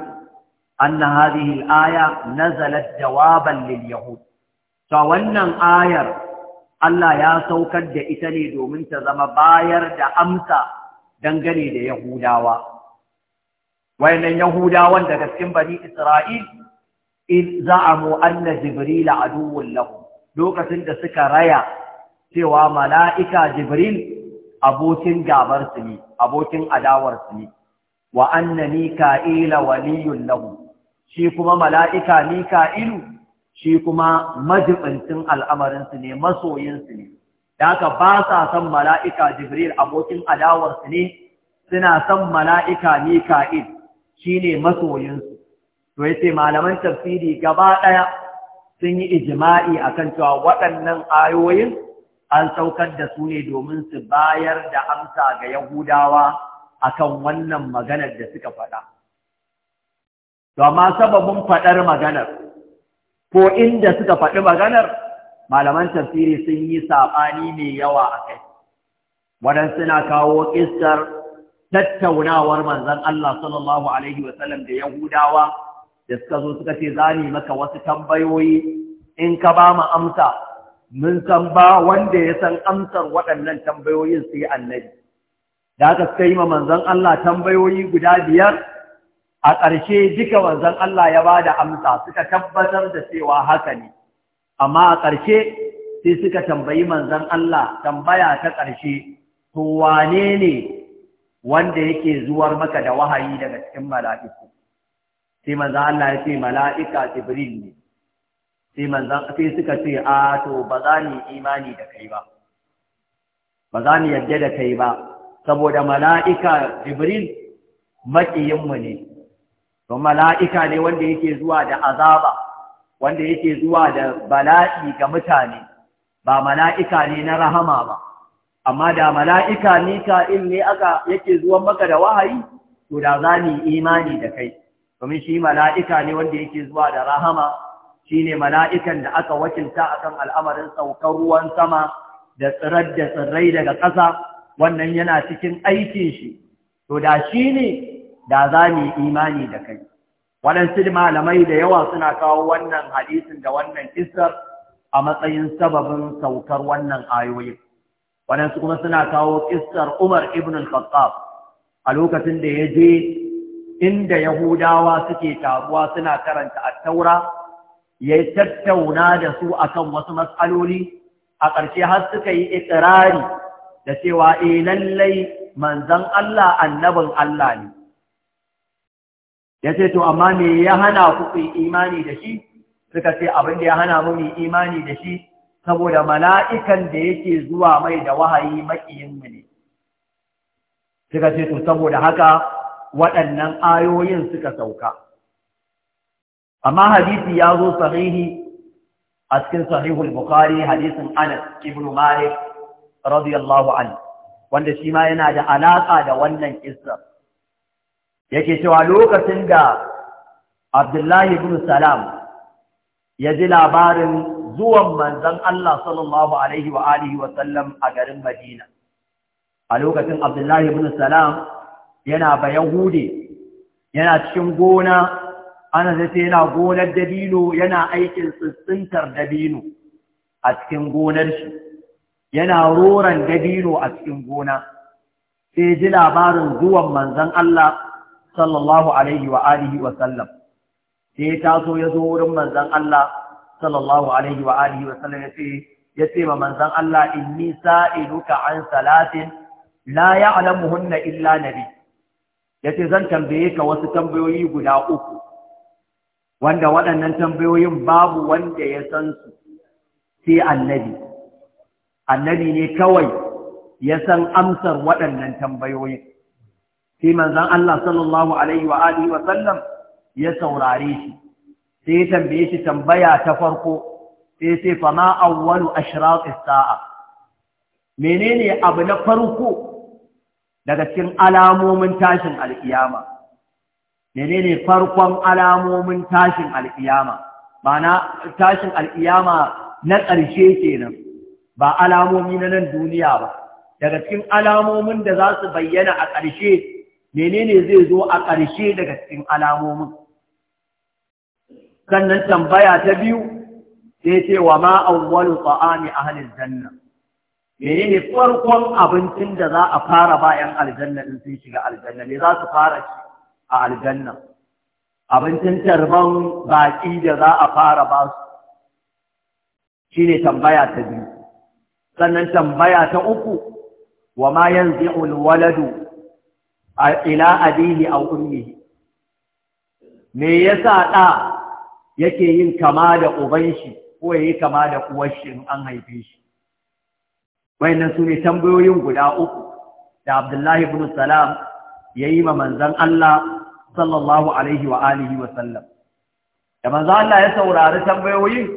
anna hadhihi al-aya nazalat jawaban lil yahud Cewa wannan ayar Allah ya saukar da ita ne domin ta zama bayar da amsa dangane da Yahudawa wayannan yahudawan daga cikin bani isra'il in za'amu anna jibril aduwwun lahu lokacin da suka raya cewa mala'ika jibril abokin gabar su ne abokin adawar su ne wa anna mika'ila waliyun lahu shi kuma mala'ika mika'ilu shi kuma majibincin al'amarin su ne masoyin su ne da aka ba sa son mala'ika Jibril abokin adawarsu ne, suna son mala'ika Mika'il Shi ne masoyinsu to yace malaman tafsiri gaba ɗaya sun yi a kan cewa waɗannan ayoyin an saukar da su ne domin su bayar da amsa ga Yahudawa a kan wannan maganar da suka faɗa to amma sababin faɗar maganar ko inda suka faɗi maganar malaman tafsiri sun yi saɓani mai yawa a kai waɗansu na kawo ƙistar tattaunawar manzon Allah sallallahu alaihi wasallam da Yahudawa da suka zo suka ce za ni maka wasu tambayoyi in ka ba mu amsa mun san ba wanda ya san amsar waɗannan tambayoyin sai annabi da aka suka yi ma manzon Allah tambayoyi guda biyar a ƙarshe duka manzan Allah ya ba da amsa suka tabbatar da cewa haka ne amma a ƙarshe sai suka tambayi manzon Allah tambaya ta ƙarshe to wane ne wanda yake zuwar maka da wahayi daga cikin mala'iku sai manzan Allah ya ce mala'ika jibril ne sai manzan sai suka ce a to ba za ni imani da kai ba ba za yadda da kai ba saboda mala'ika jibril maƙiyinmu ne to mala'ika ne wanda yake zuwa da azaba wanda yake zuwa da bala'i ga mutane ba mala'ika ne na rahama ba amma da mala'ika in ne aka yake zuwan maka da wahayi to da za mu imani da kai domin shi mala'ika ne wanda yake zuwa da rahama ne mala'ikan da aka wakilta a kan al'amarin saukar ruwan sama da tsirar da tsirrai daga ƙasa wannan yana cikin aikin shi to da shi ne da za mu imani da kai waɗansu malamai da yawa suna kawo wannan hadisin da wannan kisar a matsayin sababin saukar wannan ayoyin waɗansu kuma suna kawo ƙistar Umar ibn al-Khattab a lokacin da ya je inda Yahudawa suke taruwa suna karanta at-Taura ya tattauna da su akan wasu matsaloli a ƙarshe har suka yi ikirari da cewa eh lallai manzon Allah annabin Allah ne yace to amma me ya hana ku imani da shi suka ce abin da ya hana mu imani da shi saboda mala'ikan da yake zuwa mai da wahayi maƙiyinmu ne suka ce to saboda haka waɗannan ayoyin suka sauka amma hadisi ya zo sahihi a cikin sahihul bukhari hadisin anas ibn malik radiyallahu wanda shi ma yana da alaƙa da wannan kissa yake cewa lokacin da abdullahi ibn salam ya ji labarin zuwan manzon Allah sallallahu alaihi wa alihi wa sallam a garin Madina a lokacin Abdullahi ibn Salam yana hude, yana cikin gona ana zai yana gonar dabino yana aikin tsintsintar dabino a cikin gonar shi yana roran dabino a cikin gona sai ji labarin zuwan manzan Allah sallallahu alaihi wa alihi wa sallam sai taso ya zo wurin manzon Allah sallallahu alaihi wa alihi wa sallam yace yace ma manzon Allah inni sa'iluka an salatin la ya'lamuhunna illa nabi yace zan tambaye ka wasu tambayoyi guda uku wanda waɗannan tambayoyin babu wanda ya san su sai annabi annabi ne kawai ya san amsar waɗannan tambayoyin sai manzon Allah sallallahu alaihi wa alihi wa sallam ya saurare shi sai ya tambaye shi tambaya ta farko sai sai fama awwalu ashraqis sa'a menene abu na farko daga cikin alamomin tashin alkiyama menene farkon alamomin tashin alkiyama tashin alkiyama na ƙarshe kenan ba alamomi na nan duniya ba daga cikin alamomin da za su bayyana a ƙarshe menene zai zo a ƙarshe daga cikin alamomin sannan tambaya ta biyu sai ce wa ma awwalu ta'ami ahlil janna menene farkon abincin da za a fara bayan aljanna in sun shiga aljanna ne za su fara ci a aljanna abincin tarban baki da za a fara ba su shine tambaya ta biyu sannan tambaya ta uku wa ma yanzi'u alwaladu ila abihi aw ummihi me yasa da yake yin kama da uban shi ko ya yi kama da uwar shi an haife shi wayannan su ne tambayoyin guda uku da Abdullahi ibn Salam ya yi ma manzan Allah sallallahu alaihi wa alihi wa sallam da manzon Allah ya saurari tambayoyin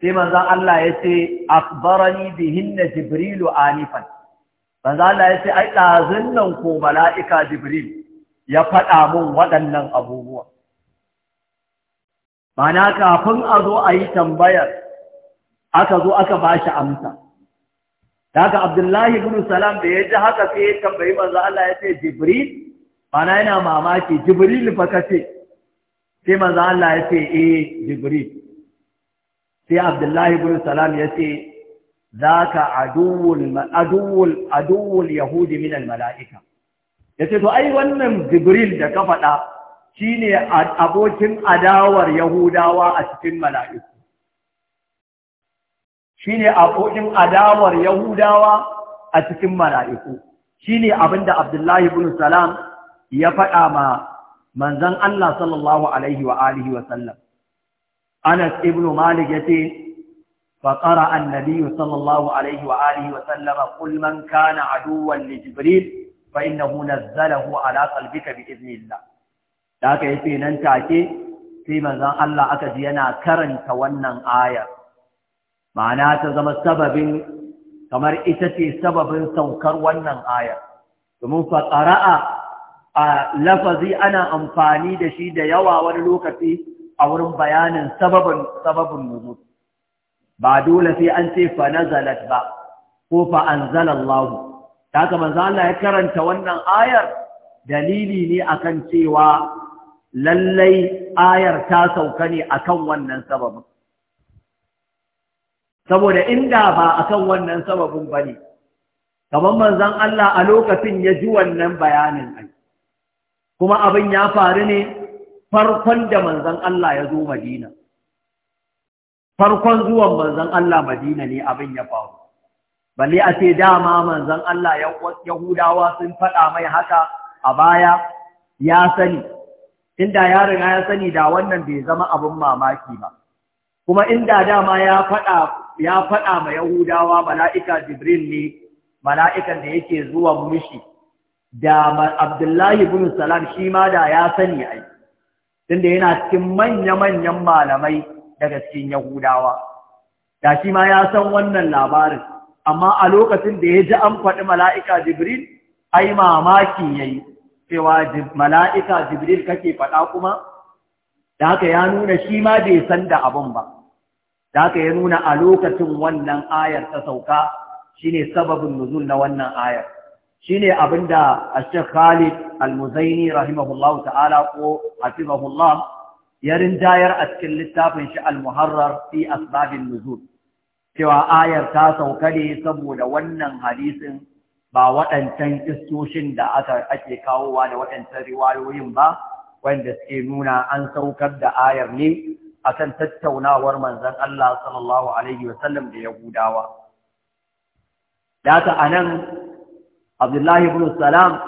sai manzan Allah ya ce akhbarani bihinna jibrilu anifan manzo Allah ya ce ai ɗazun nan ko mala'ika Jibril ya faɗa mun waɗannan abubuwa Bana kafin a zo a yi tambayar aka zo aka ba shi amsa. Daga Abdullahi bin Salam da ya ji haka sai ya tambayi manzo Allah ya ce Jibril bana yana mamaki Jibril fa ce, sai manzo Allah ya ce eh Jibril sai Abdullahi bin Salam ya ce za ka aduwul yahudi min al mala'ika yace to ai wannan Jibril da ka faɗa shine abokin adawar Yahudawa a cikin mala'iku shine abokin adawar Yahudawa a cikin mala'iku shine abinda Abdullahi ibn Salam ya faɗa ma manzon Allah sallallahu alaihi wa alihi wa sallam Anas ibn Malik yace فقرأ النبي صلى الله عليه وآله وسلم قل من كان عدوا لجبريل فإنه نزله على قلبك بإذن الله da aka yi nan take sai manzan Allah aka ji yana karanta wannan ayar ma'ana ta zama sababin kamar ita ce sababin saukar wannan ayar domin faƙara'a a lafazi ana amfani da shi da yawa wani lokaci a wurin bayanin sababin sababin nuzul ba dole sai an ce fa nazalat ba ko fa anzalallahu haka manzo Allah ya karanta wannan ayar dalili ne akan cewa lallai ayar ta sauka ne akan wannan sababin saboda inda ba a kan wannan sababin ba ne. kamar Manzan Allah a lokacin ya ji wannan bayanin ai kuma abin ya faru ne farkon da Manzan Allah ya zo Madina farkon zuwan Manzan Allah Madina ne abin ya faru balle a ce dama Manzan Allah Yahudawa sun faɗa mai haka a baya ya sani inda yaron ya sani da wannan bai zama abin mamaki ba kuma inda dama ya faɗa ya faɗa ma Yahudawa mala'ika Jibril ne mala'ikan da yake zuwa mushi da Abdullahi ibn Salam shi ma da ya sani ai tunda yana cikin manya-manyan malamai daga cikin Yahudawa da shi ma ya san wannan labarin amma a lokacin da ya ji an faɗi mala'ika Jibril ai mamaki yayi cewa mala'ika jibril kake faɗa kuma da haka ya nuna shi ma bai san da abin ba da haka ya nuna a lokacin wannan ayar ta sauka shine sababin nuzul na wannan ayar shine da Sheikh Khalid Al-Muzaini rahimahullahu ta'ala ko hafizahullah ya rinjayar a cikin littafin shi Al-Muharrar fi asbabin nuzul cewa ayar ta sauka ne saboda wannan hadisin ba waɗancan istoshin da aka ake kawowa da waɗancan riwayoyin ba wanda suke nuna an saukar da ayar ne akan tattaunawar manzon Allah sallallahu alaihi wasallam da Yahudawa data anan Abdullahi ibn Salam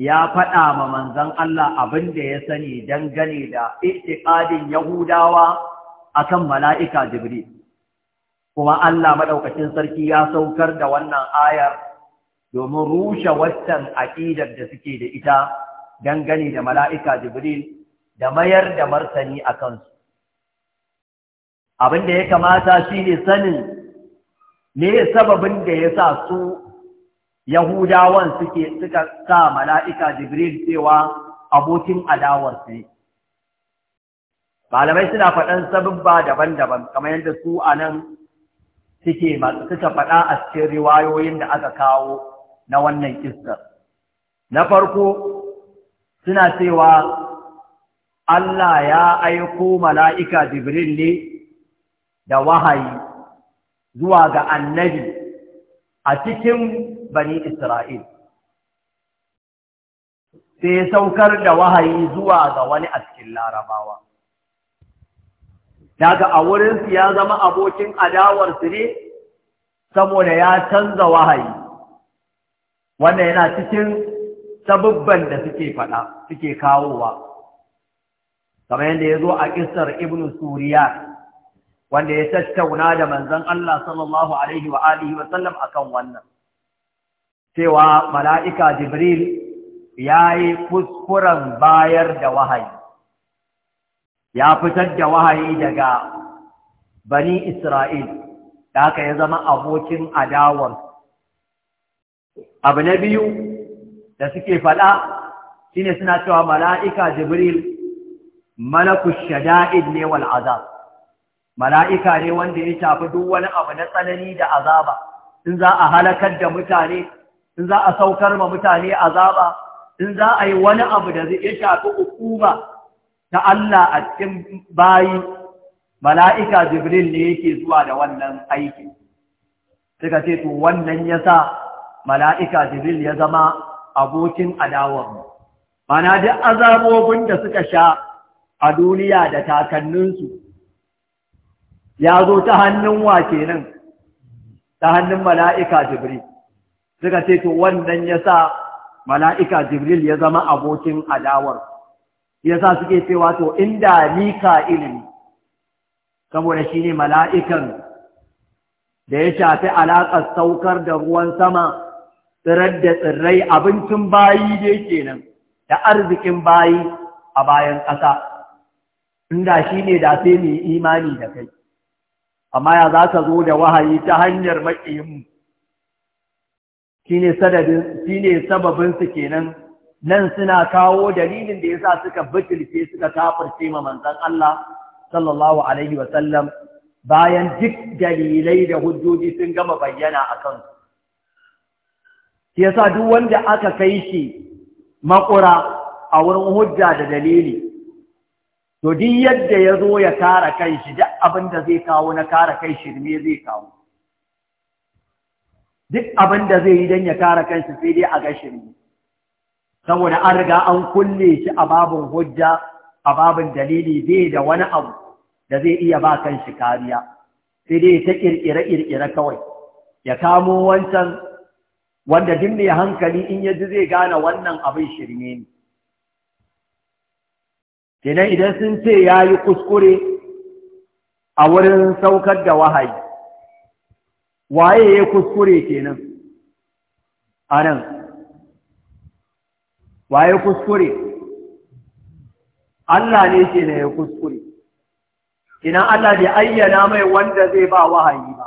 ya faɗa ma manzon Allah abin da ya sani dangane da itiqadin Yahudawa akan mala'ika Jibril kuma Allah Maɗaukacin sarki ya saukar da wannan ayar domin rushe watan aƙidar da suke da ita dangane da mala'ika Jibril da mayar da martani a kansu. Abin da ya kamata shi ne sanin ne sababin da ya sa su Yahudawan suke suka sa mala'ika Jibril cewa abokin adawarsu ne. Malamai suna faɗan sababba daban-daban kamar yadda su a nan suke suka faɗa a cikin riwayoyin da aka kawo na wannan kissar na farko suna cewa Allah ya aiko mala'ika Jibril ne da wahayi zuwa ga annabi a cikin bani Isra'il. Sai saukar da wahayi zuwa ga wani a cikin larabawa. Daga a wurinsu ya zama abokin adawarsu ne, saboda ya canza wahayi. wannan yana cikin sabubban da suke faɗa suke kawowa kamar yadda ya zo a ƙisar ibn suriya wanda ya tattauna da manzon Allah sallallahu alaihi wa alihi wa sallam akan wannan cewa mala'ika jibril ya yi kuskuren bayar da wahayi ya fitar da wahayi daga bani isra'il da aka ya zama abokin adawar abu na biyu da suke faɗa shine suna cewa mala'ika jibril malaku shada'id ne wal azab mala'ika ne wanda ya shafi duk wani abu na tsanani da azaba in za a halakar da mutane in za a saukar ma mutane azaba in za a yi wani abu da zai shafi hukuma ta Allah a cikin bayi mala'ika jibril ne yake zuwa da wannan aiki suka ce to wannan sa. mala'ika jibril ya zama abokin adawarmu mana duk azabobin da suka sha a duniya da takanninsu ya zo ta hannun wake nan ta hannun mala'ika jibril suka ce to wannan ya sa mala'ika jibril ya zama abokin adawar ya sa suke cewa to inda nika ilimi saboda shi ne mala'ikan da ya shafi alaƙar saukar da ruwan sama tsirar da tsirrai abincin bayi dai kenan da arzikin bayi a bayan ƙasa inda shi ne da sai mai imani da kai amma ya za ka zo da wahayi ta hanyar maƙiyinmu shi ne su kenan nan suna kawo dalilin da ya sa suka butulce suka kafirce ma manzan Allah sallallahu alaihi wasallam bayan duk dalilai da hujjoji sun gama bayyana a kansu shi yasa duk wanda aka kai shi makura a wurin hujja da dalili to duk yadda ya zo ya kare shi duk abin da zai kawo na kare kai shi ne zai kawo duk abin da zai yi don ya kare shi, sai dai a ga ne. saboda an riga an kulle shi a babin hujja a babin dalili bai da wani abu da zai iya ba kan shi kariya sai dai ta kirkire-kirkire kawai ya kamo wancan wanda duk mai hankali in ya ji zai gane wannan abin shirme ne kenan idan sun ce ya yi kuskure a wurin saukar da wahayi waye ya kuskure kenan a nan waye kuskure Allah ne ke na ya kuskure Ina Allah bai ayyana mai wanda zai ba wahayi ba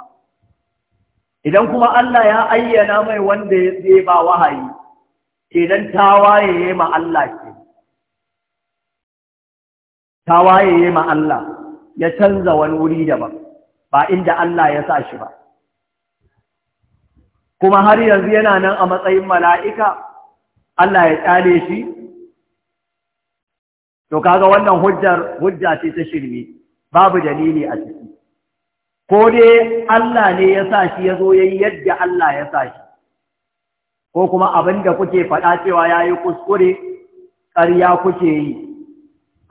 idan kuma Allah ya ayyana mai wanda ya tsaye ba wahayi don tawaye ma Allah ke tawaye ma Allah ya canza wani wuri daban ba inda Allah ya sa shi ba kuma har yanzu yana nan a matsayin mala'ika Allah ya tsale shi to kaga wannan hujjar hujja ce ta shirme babu dalili a ciki ko dai Allah ne ya sa shi ya zo ya yadda Allah ya sa shi, ko kuma abin da kuke faɗa cewa yayi kuskure, ƙarya kuke yi,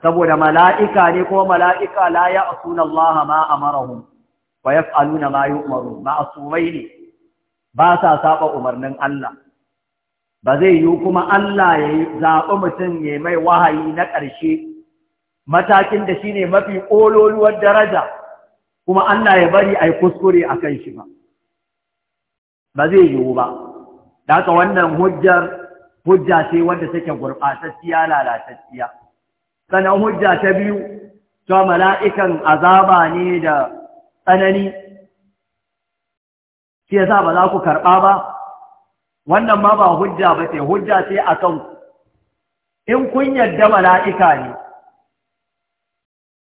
saboda mala'ika ne ko mala'ika la ya asuna Allah ma a wa yaf'aluna ma yi umaru, ne, ba sa saba umarnin Allah. Ba zai yi kuma Allah ya zaɓi mutum ya mai wahayi na ƙarshe, matakin da shine mafi ƙololuwar daraja. kuma Allah ya bari a yi kuskure a kan shi ba ba zai yiwu ba da haka wannan hujjar hujja ce wanda take gurɓatacciya lalatacciya sannan hujja ta biyu cewa mala'ikan azaba ne da tsanani shi yasa ba za ku karɓa ba wannan ma ba hujja ba ce hujja ce akan in kun yarda mala'ika ne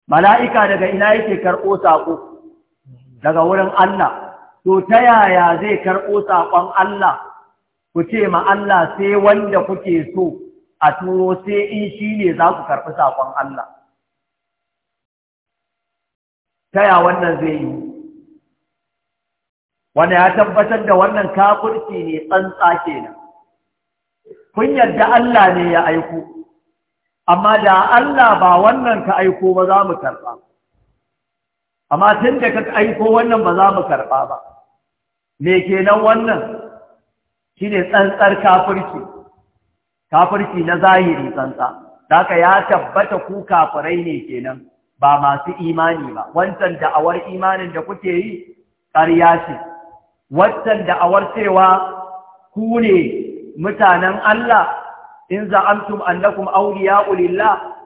mala'ika daga ina yake karɓo saƙo daga wurin Allah to ta yaya zai karɓo saƙon Allah ku ce ma Allah sai wanda kuke so a turo sai in shi ne za ku karɓi saƙon Allah ta ya wannan zai yi wanda ya tabbatar da wannan kafurci ne tsantsa nan, kun yarda Allah ne ya aiko amma da Allah ba wannan ka aiko ba za mu karɓa amma tun da ka aiko wannan ba za mu karɓa ba me kenan wannan shine tsantsar kafurki? kafirki na zahiri tsantsa haka ya tabbata ku kafirai ne kenan ba masu imani ba wancan da'awar imanin da kuke yi ƙarya ce wancan da'awar cewa ku ne mutanen Allah in za'amtum annakum awliya'u lillah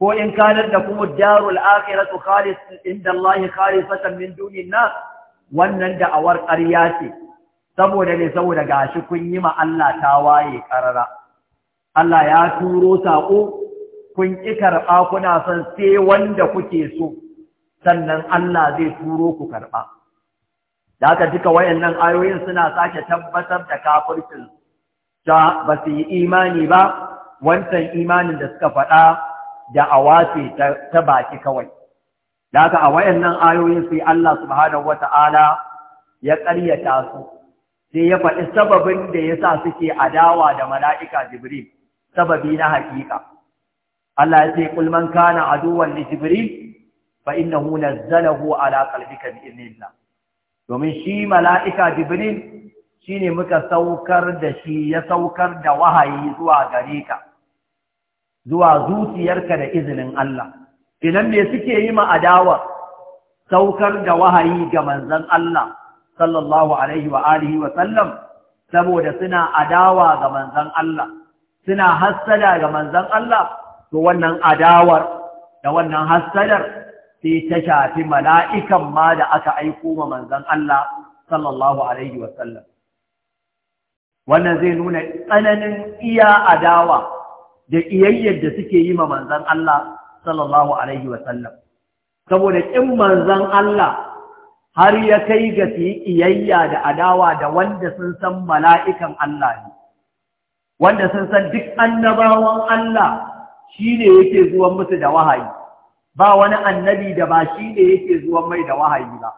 ko in kanar da kuma darul akhiratu khalis inda Allah min dunin nas wannan da awar ƙarya ce saboda ne saboda gashi kun yi ma Allah ta waye karara Allah ya turo saƙo, kun ki karɓa kuna son sai wanda kuke so sannan Allah zai turo ku karɓa. da haka duka wayannan ayoyin suna sake tabbatar da kafircinsu ta ba su yi imani ba wancan imanin da suka faɗa da awace ta baki kawai da haka a wayannan ayoyin sai Allah subhanahu wata'ala ya ƙaryata su sai ya faɗi sababin da ya sa suke adawa da mala'ika Jibril sababi na haƙiƙa Allah ya ce ƙulman man kana aduwan li Jibril fa innahu nazzalahu ala qalbika bi domin shi mala'ika Jibril shine muka saukar da shi ya saukar da wahayi zuwa gare ka zuwa zuciyarka da izinin Allah idan me suke yi ma adawar saukar da wahayi ga manzon Allah sallallahu alaihi wa alihi wa sallam saboda suna adawa ga manzon Allah suna hassada ga manzon Allah to wannan adawar da wannan hassadar sai ta shafi mala'ikan ma da aka aiko ma manzon Allah sallallahu alaihi wa sallam wannan zai nuna tsananin iya adawa da iyayyar da suke yi ma manzan Allah sallallahu alaihi wasallam saboda kin manzan Allah har ya kai ga su yi iyayya da adawa da wanda sun san mala'ikan Allah ne wanda sun san duk annabawan Allah shi ne yake zuwan musu da wahayi ba wani annabi da ba shi ne yake zuwan mai da wahayi ba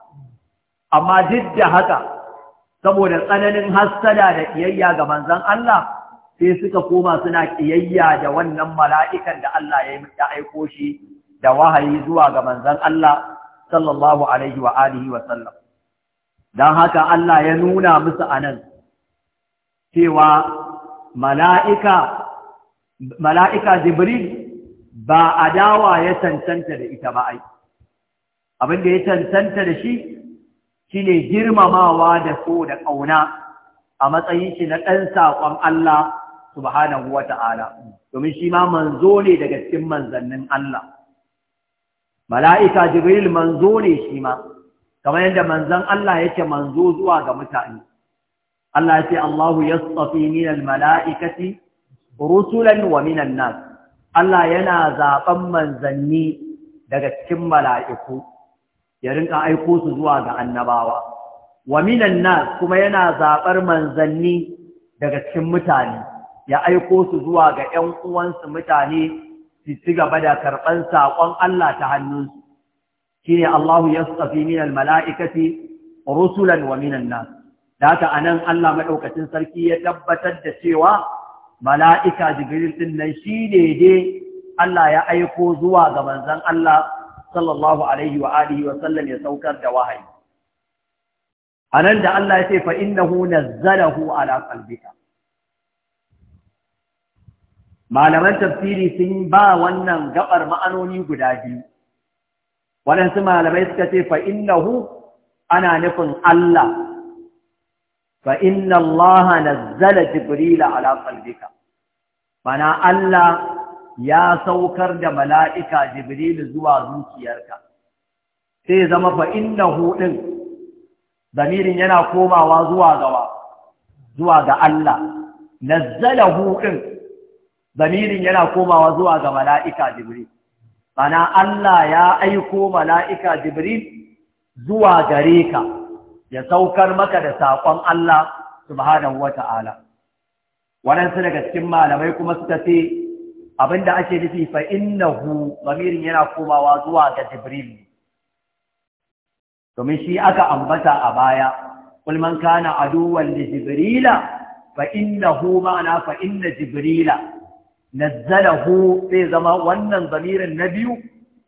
amma duk da haka saboda tsananin hassada da ƙiyayya ga manzan Allah sai suka koma suna ƙiyayya da wannan mala'ikan da Allah ya aiko shi da wahayi zuwa ga manzan Allah sallallahu alaihi wa alihi wa sallam dan haka Allah ya nuna musu anan cewa mala'ika mala'ika Jibril ba adawa ya tantanta da ita ba ai abin da ya cancanta da shi shine girmamawa da so da ƙauna a matsayin shi na ɗan saƙon Allah subhanahu wa ta'ala, domin shi ma manzo ne daga cikin manzannin Allah. Mala'ika Jibril manzo ne shi ma, kamar yadda manzan Allah yake manzo zuwa ga mutane. Allah ya ce, Allahu ya tsafi minal mala'ikati, rusulan wa minan nas. Allah yana zaɓen manzanni daga cikin mala'iku. ya rinka aiko su zuwa ga annabawa wa minan nas kuma yana zabar manzanni daga cikin mutane ya aiko su zuwa ga ƴan uwansu mutane su ci gaba da karɓan saƙon Allah ta hannunsu shine Allahu yastafi min almalaikati rusulan wa minan nas data anan Allah madaukakin sarki ya tabbatar da cewa mala'ika jibril din nan shine dai Allah ya aiko zuwa ga manzon Allah sallallahu alaihi wa alihi wa sallam ya saukar da wahayi anan da Allah ya ce fa innahu nazzalahu ala qalbika malaman tafsiri sun ba wannan gabar ma'anoni guda biyu waɗansu malamai suka ce fa innahu ana nufin Allah fa inna Allah nazzala jibril ala qalbika mana Allah ya saukar da mala'ika jibrilu zuwa zuciyarka sai zama fa innahu hudun zamirin yana komawa zuwa gawa zuwa ga Allah nazzalahu hudun zamirin yana komawa zuwa ga mala'ika jibril bana Allah ya aiko mala'ika jibril zuwa gare ka ya saukar maka da saƙon Allah subhanahu wata'ala waɗansu daga cikin malamai kuma suka ce abinda ake nufi fa innahu lamirin yana komawa zuwa ga jibril domin shi aka ambata a baya kul man kana aduwwan li jibrila fa innahu ma'ana fa inna jibrila nazzalahu sai zama wannan zamirin na biyu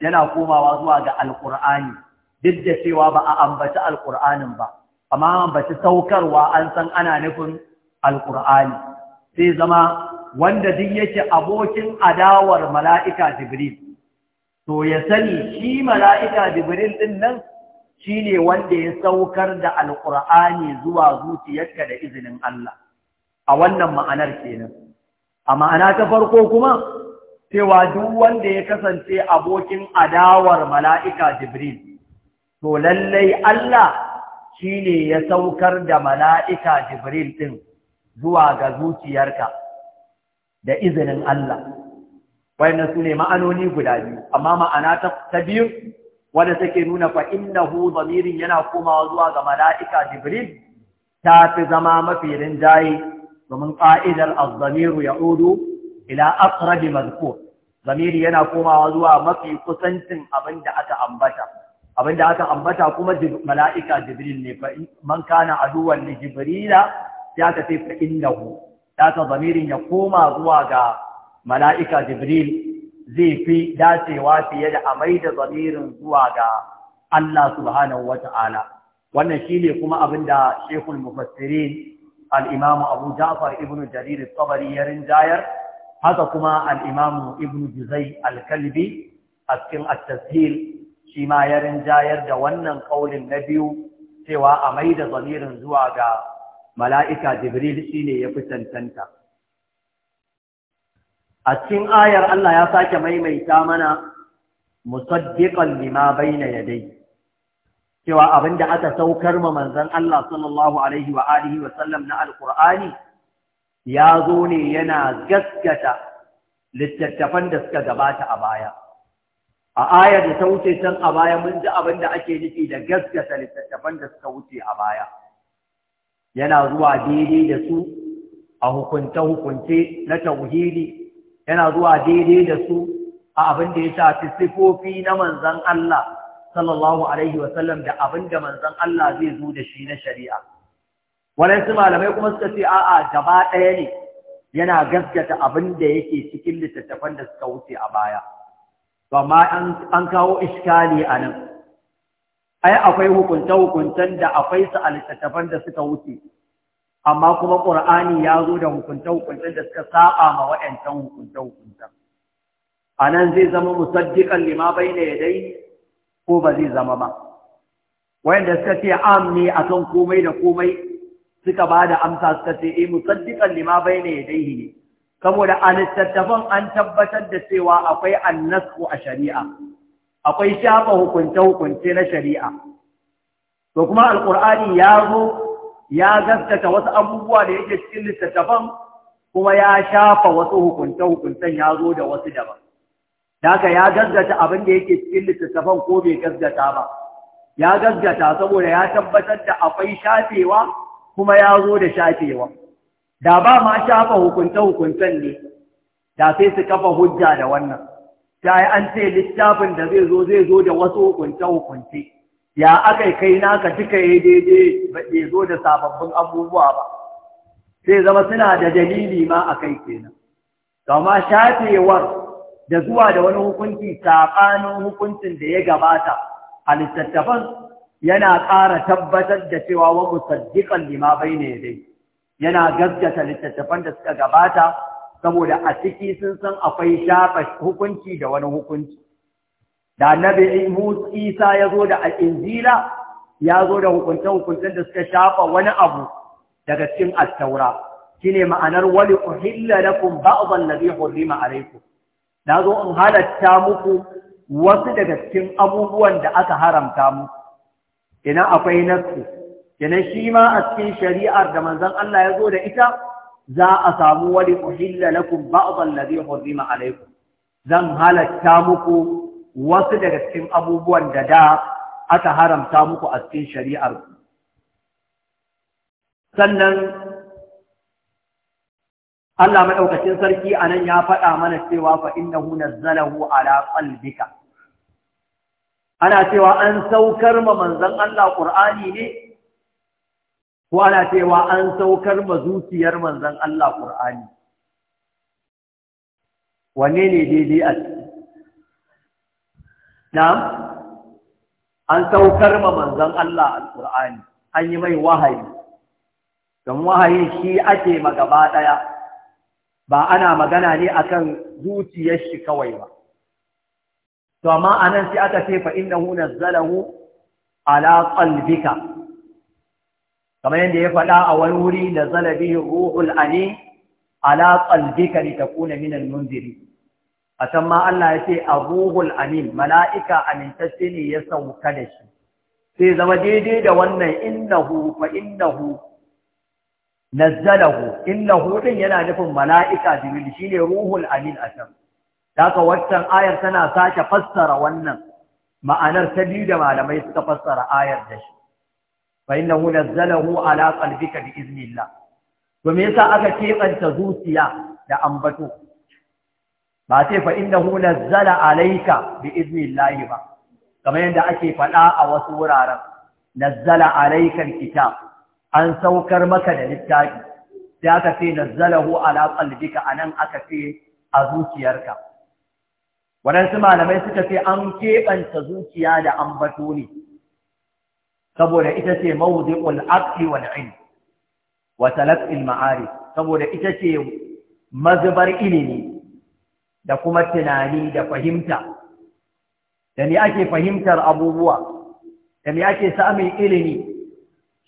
yana komawa zuwa ga alqur'ani duk da cewa ba a ambaci alqur'anin ba amma ambaci saukarwa an san ana nufin alqur'ani sai zama wanda duk yake abokin adawar mala'ika jibril to ya sani shi mala'ika jibril ɗin nan shi ne wanda ya saukar da Alƙur'ani zuwa zuciyarka da izinin Allah a wannan ma'anar kenan a ma'ana ta farko kuma cewa duk wanda ya kasance abokin adawar mala'ika jibril to lallai Allah shi ne ya saukar da mala'ika jibril ɗin. zuwa ga zuciyarka da izinin Allah wayannan su ne ma'anoni guda biyu amma ma'ana ta biyu wanda take nuna fa innahu zamirin yana komawa zuwa ga mala'ika jibril ta fi zama mafi rinjaye domin ƙa'idar az-zamiru ya'udu ila aqrabi mazkur zamiri yana komawa zuwa mafi kusancin abinda aka ambata abinda aka ambata kuma mala'ika jibril ne fa man kana aduwan li jibrila ya ka ce fa innahu da zamirin ya koma zuwa ga mala'ika jibril zai fi dacewa fiye da amai da zamirin zuwa ga Allah subhanahu wata'ala wannan shine kuma abin da Sheikhul Mufassirin al-Imam Abu Ja'far ibn Jarir al-Tabari ya rinjayar haka kuma al-Imam Ibn Juzay al-Kalbi a cikin at-Tashil shi ma ya rinjayar da wannan kaulin na biyu cewa amai da zamirin zuwa ga mala'ika Jibril shi ne ya fi cancanta. A cikin ayar Allah ya sake maimaita mana musaddiƙan lima baina ya dai, cewa abin da aka saukar ma manzan Allah sallallahu Alaihi wa alihi na Alƙur'ani ya zo ne yana gaskata littattafan da suka gabata a baya. A ayar da ta wuce can a baya mun ji abin da ake nufi da gaskata littattafan da suka wuce a baya. yana zuwa daidai da su a hukunce-hukunce na tauhidi yana zuwa daidai da su a abin da ya shafi sifofi na manzan Allah sallallahu alaihi wasallam da abin da manzan Allah zai zo da shi na shari'a waɗansu malamai kuma suka ce a'a gaba ɗaya ne yana gaskata abin da yake cikin littattafan da suka wuce a baya ma an kawo iskali a nan ai akwai hukunta-hukuntan da akwai su a littattafan da suka wuce amma kuma ƙur'ani ya zo da hukunta-hukuntan da suka saba ma wa'yancan hukunta hukuncen a nan zai zama musaddiqan lima bayna na ya dai ko ba zai zama ba wa'yanda suka ce am ne a kan komai da komai suka ba da amsa suka ce eh musaddiqan lima bayna na ya dai ne saboda a littattafan an tabbatar da cewa akwai annasu a shari'a akwai shafa hukunce-hukunce na shari'a. To kuma Alƙur'ani ya zo ya gaskata wasu abubuwa da yake cikin littattafan kuma ya shafa wasu hukunce-hukuncen ya zo da wasu daban. Daga ya gaskata abin da yake cikin littattafan ko bai gaskata ba. Ya gaskata saboda ya tabbatar da akwai shafewa kuma ya zo da shafewa. Da ba ma shafa hukunce-hukuncen ne, da sai su kafa hujja da wannan. ta yi an ce littafin da zai zo zai zo da wasu hukunce-hukunce ya aka kai naka duka ya daidai ba ke zo da sababbin abubuwa ba sai zama suna da dalili ma a kai kenan kama shafewar da zuwa da wani hukunci saɓanin hukuncin da ya gabata a littattafan yana ƙara tabbatar da cewa wa musaddiƙan lima ne dai yana gaskata littattafan da suka gabata saboda a ciki sun san akwai shafa hukunci da wani hukunci da annabi Isa ya zo da al'injila ya zo da hukunce-hukuncen da suka shafa wani abu daga cikin attaura shine ma'anar wali uhilla lakum na allazi hurrima alaykum na zo in halatta muku wasu daga cikin abubuwan da aka haramta muku ina akwai nasu ina shi ma a cikin shari'ar da manzon Allah ya zo da ita za a samu wani uhilla lakum ba'd zai hurrima alaykum zan halatta muku wasu daga cikin abubuwan da da aka haramta muku a cikin shari'ar sannan Allah maɗaukacin sarki anan ya faɗa mana cewa fa innahu nazzalahu ala qalbika ana cewa an saukar ma manzon Allah Qur'ani ne Kuwa na cewa an saukar ma zuciyar manzan Allah ƙur'ani. wanne ne daidai a na'am an saukar ma manzon Allah al an yi mai wahayi don wahayi shi ake magaba daya ba ana magana ne akan zuciyar shi kawai ba to amma anan sai aka ce fa innahu nazzalahu ala qalbika kamar yadda ya faɗa a wani wuri da zalabi ruhul ani ala qalbika litakuna min al-munziri a can ma Allah ya ce a ruhul amin mala'ika amintacce ne ya sauka da shi sai zama daidai da wannan innahu fa innahu nazzalahu innahu din yana nufin mala'ika jibril shine ruhul amin a can Daka waccan ayar tana sake fassara wannan ma'anar ta biyu da malamai suka fassara ayar da shi. fa innahu nazzalahu ala qalbika bi iznillah to me yasa aka kebanta zuciya da ambato ba sai fa innahu nazzala alayka bi iznillah ba kamar yadda ake faɗa a wasu wuraren nazzala alayka kitab an saukar maka da littafi sai aka ce nazzalahu ala qalbika anan aka ce a zuciyarka waɗansu malamai suka ce an keɓanta zuciya da ambato ne saboda ita ce mawdi'ul aqli wal wa talaqil ma'arif saboda ita ce mazubar ilimi da kuma tunani da fahimta da me ake fahimtar abubuwa da me ake samun ilimi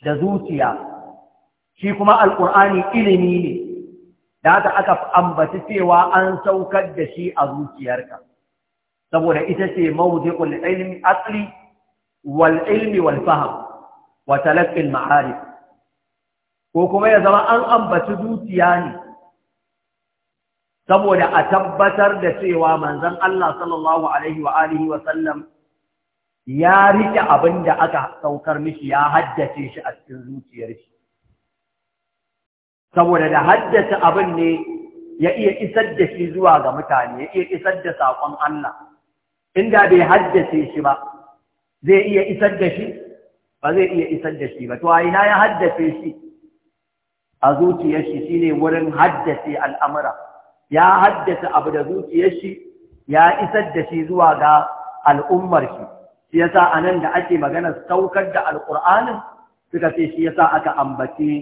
da zuciya shi kuma Alkur'ani ilimi ne da ta aka ambaci cewa an saukar da shi a zuciyarka saboda ita ce mawdi'ul ilmi wal ilmi wal faham wa talaqqi al ko kuma ya zama an ambaci zuciya ne saboda a tabbatar da cewa manzon Allah sallallahu alaihi wa alihi wa sallam ya riƙe abin da aka saukar mishi ya haddace shi a cikin zuciyar shi saboda da haddace abin ne ya iya isar da shi zuwa ga mutane ya iya isar da saƙon Allah inda bai haddace shi ba zai iya isar da shi ba zai iya isar da shi ba to a ina ya haddace shi a zuciyar shi shine wurin haddace al'amura ya haddace abu da zuciyar shi ya isar da shi zuwa ga al'ummar shi shi yasa anan da ake magana saukar da alqur'anin suka ce shi yasa aka ambaci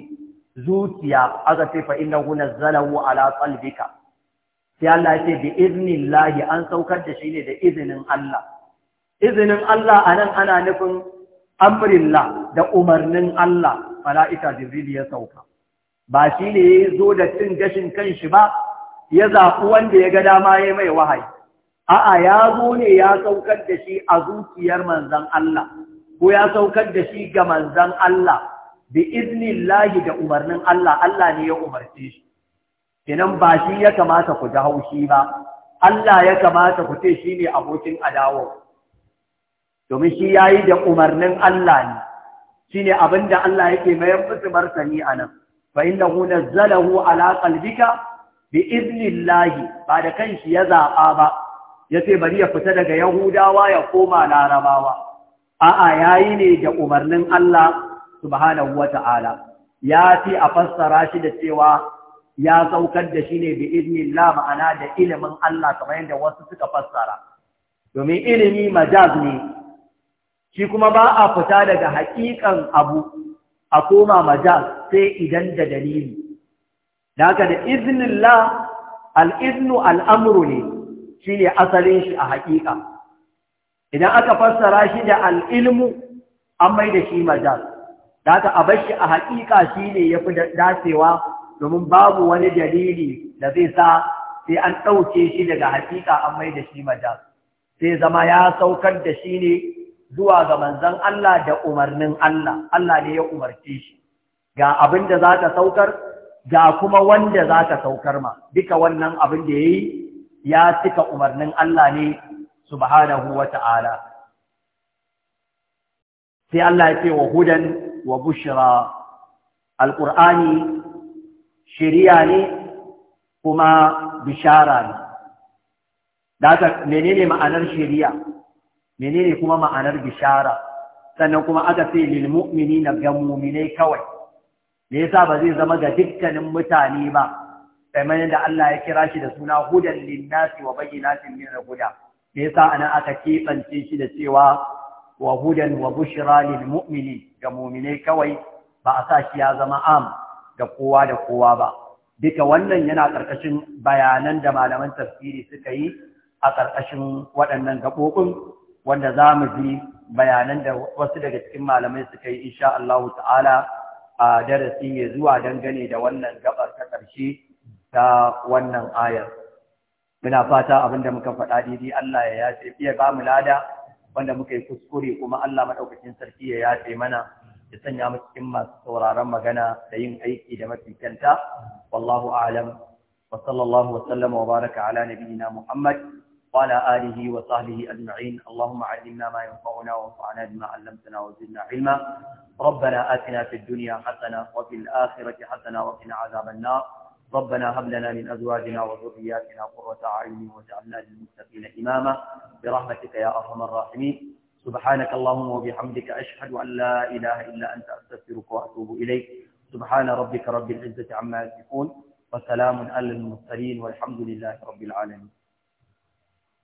zuciya aka ce fa innahu nazzalahu ala qalbika sai Allah ya ce bi idnillahi an saukar da shi ne da izinin Allah izinin Allah a nan ana nufin amrilla da umarnin Allah mala'ika Jibril ya sauka ba shi ne ya zo da cin gashin kan shi ba ya zaɓi wanda ya ga dama ya mai wahayi a'a ya zo ne ya saukar da shi a zuciyar manzan Allah ko ya saukar da shi ga manzan Allah bi iznillahi da umarnin Allah Allah ne ya umarce shi Kinan ba shi ya kamata ku ji haushi ba Allah ya kamata ku ce shi ne abokin adawa domin shi ya yi da umarnin Allah ne shi ne abin da Allah yake mayar musu martani a nan fa inna hu nazzalahu ala bi idnillahi ba da kanshi ya zaɓa ba yace bari ya fita daga yahudawa ya koma larabawa a'a yayi ne da umarnin Allah subhanahu wata'ala ya fi a fassara shi da cewa ya saukar da shi ne bi idnillah ma'ana da ilimin Allah kamar yadda wasu suka fassara domin ilimi majaz ne shi kuma ba a fita daga haƙiƙan abu a koma majaz sai idan da dalili da haka da iznillah al'iznu al'amuru ne shi ne asalin shi a haƙiƙa idan aka fassara shi da al'ilmu an mai da shi majaz da haka a bashi a haƙiƙa shi ne ya fi dacewa domin babu wani dalili da zai sa sai an ɗauke shi daga haƙiƙa an mai da shi Majal. sai zama ya saukar da shi ne zuwa ga manzan Allah da umarnin Allah, Allah ne ya umarce shi, ga abin da za ta saukar, ga kuma wanda za ta saukar ma, duka wannan abin da ya yi ya cika umarnin Allah ne, subhanahu wa ta'ala. Sai Allah ya ce wa hudan wa bushira, Al'ur'ani shiriya ne kuma bishara ne. Da menene ma'anar shiriya? menene kuma ma'anar bishara sannan kuma aka ce lil mu'minina ga mu'minai kawai me yasa ba zai zama ga dukkanin mutane ba kamar yadda Allah ya kira shi da suna hudan linnasi wa bayyinatin min al-huda me yasa anan aka kebance shi da cewa wa hudan wa bushra lil mu'minin ga mu'minai kawai ba a sa shi ya zama am ga kowa da kowa ba duka wannan yana ƙarƙashin bayanan da malaman tafsiri suka yi a ƙarƙashin waɗannan gaɓoɓin wanda za mu ji bayanan da wasu daga cikin malamai suka yi insha Allah ta'ala a darasi ya zuwa dangane da wannan gabar ta ƙarshe ta wannan ayar. Muna fata abin da muka faɗa daidai Allah ya yace fiye ba mu lada wanda muka yi kuskure kuma Allah maɗaukacin sarki ya yace mana ya sanya mu cikin masu sauraron magana da yin aiki da mafi kyanta. Wallahu a'lam wa sallallahu wa sallama wa baraka ala nabiyina Muhammad وعلى آله وصحبه أجمعين اللهم علمنا ما ينفعنا وانفعنا بما علمتنا وزدنا علما ربنا آتنا في الدنيا حسنة وفي الآخرة حسنة وقنا عذاب النار ربنا هب لنا من أزواجنا وذرياتنا قرة أعين واجعلنا للمتقين إماما برحمتك يا أرحم الراحمين سبحانك اللهم وبحمدك أشهد أن لا إله إلا أنت أستغفرك وأتوب إليك سبحان ربك رب العزة عما يصفون وسلام على المرسلين والحمد لله رب العالمين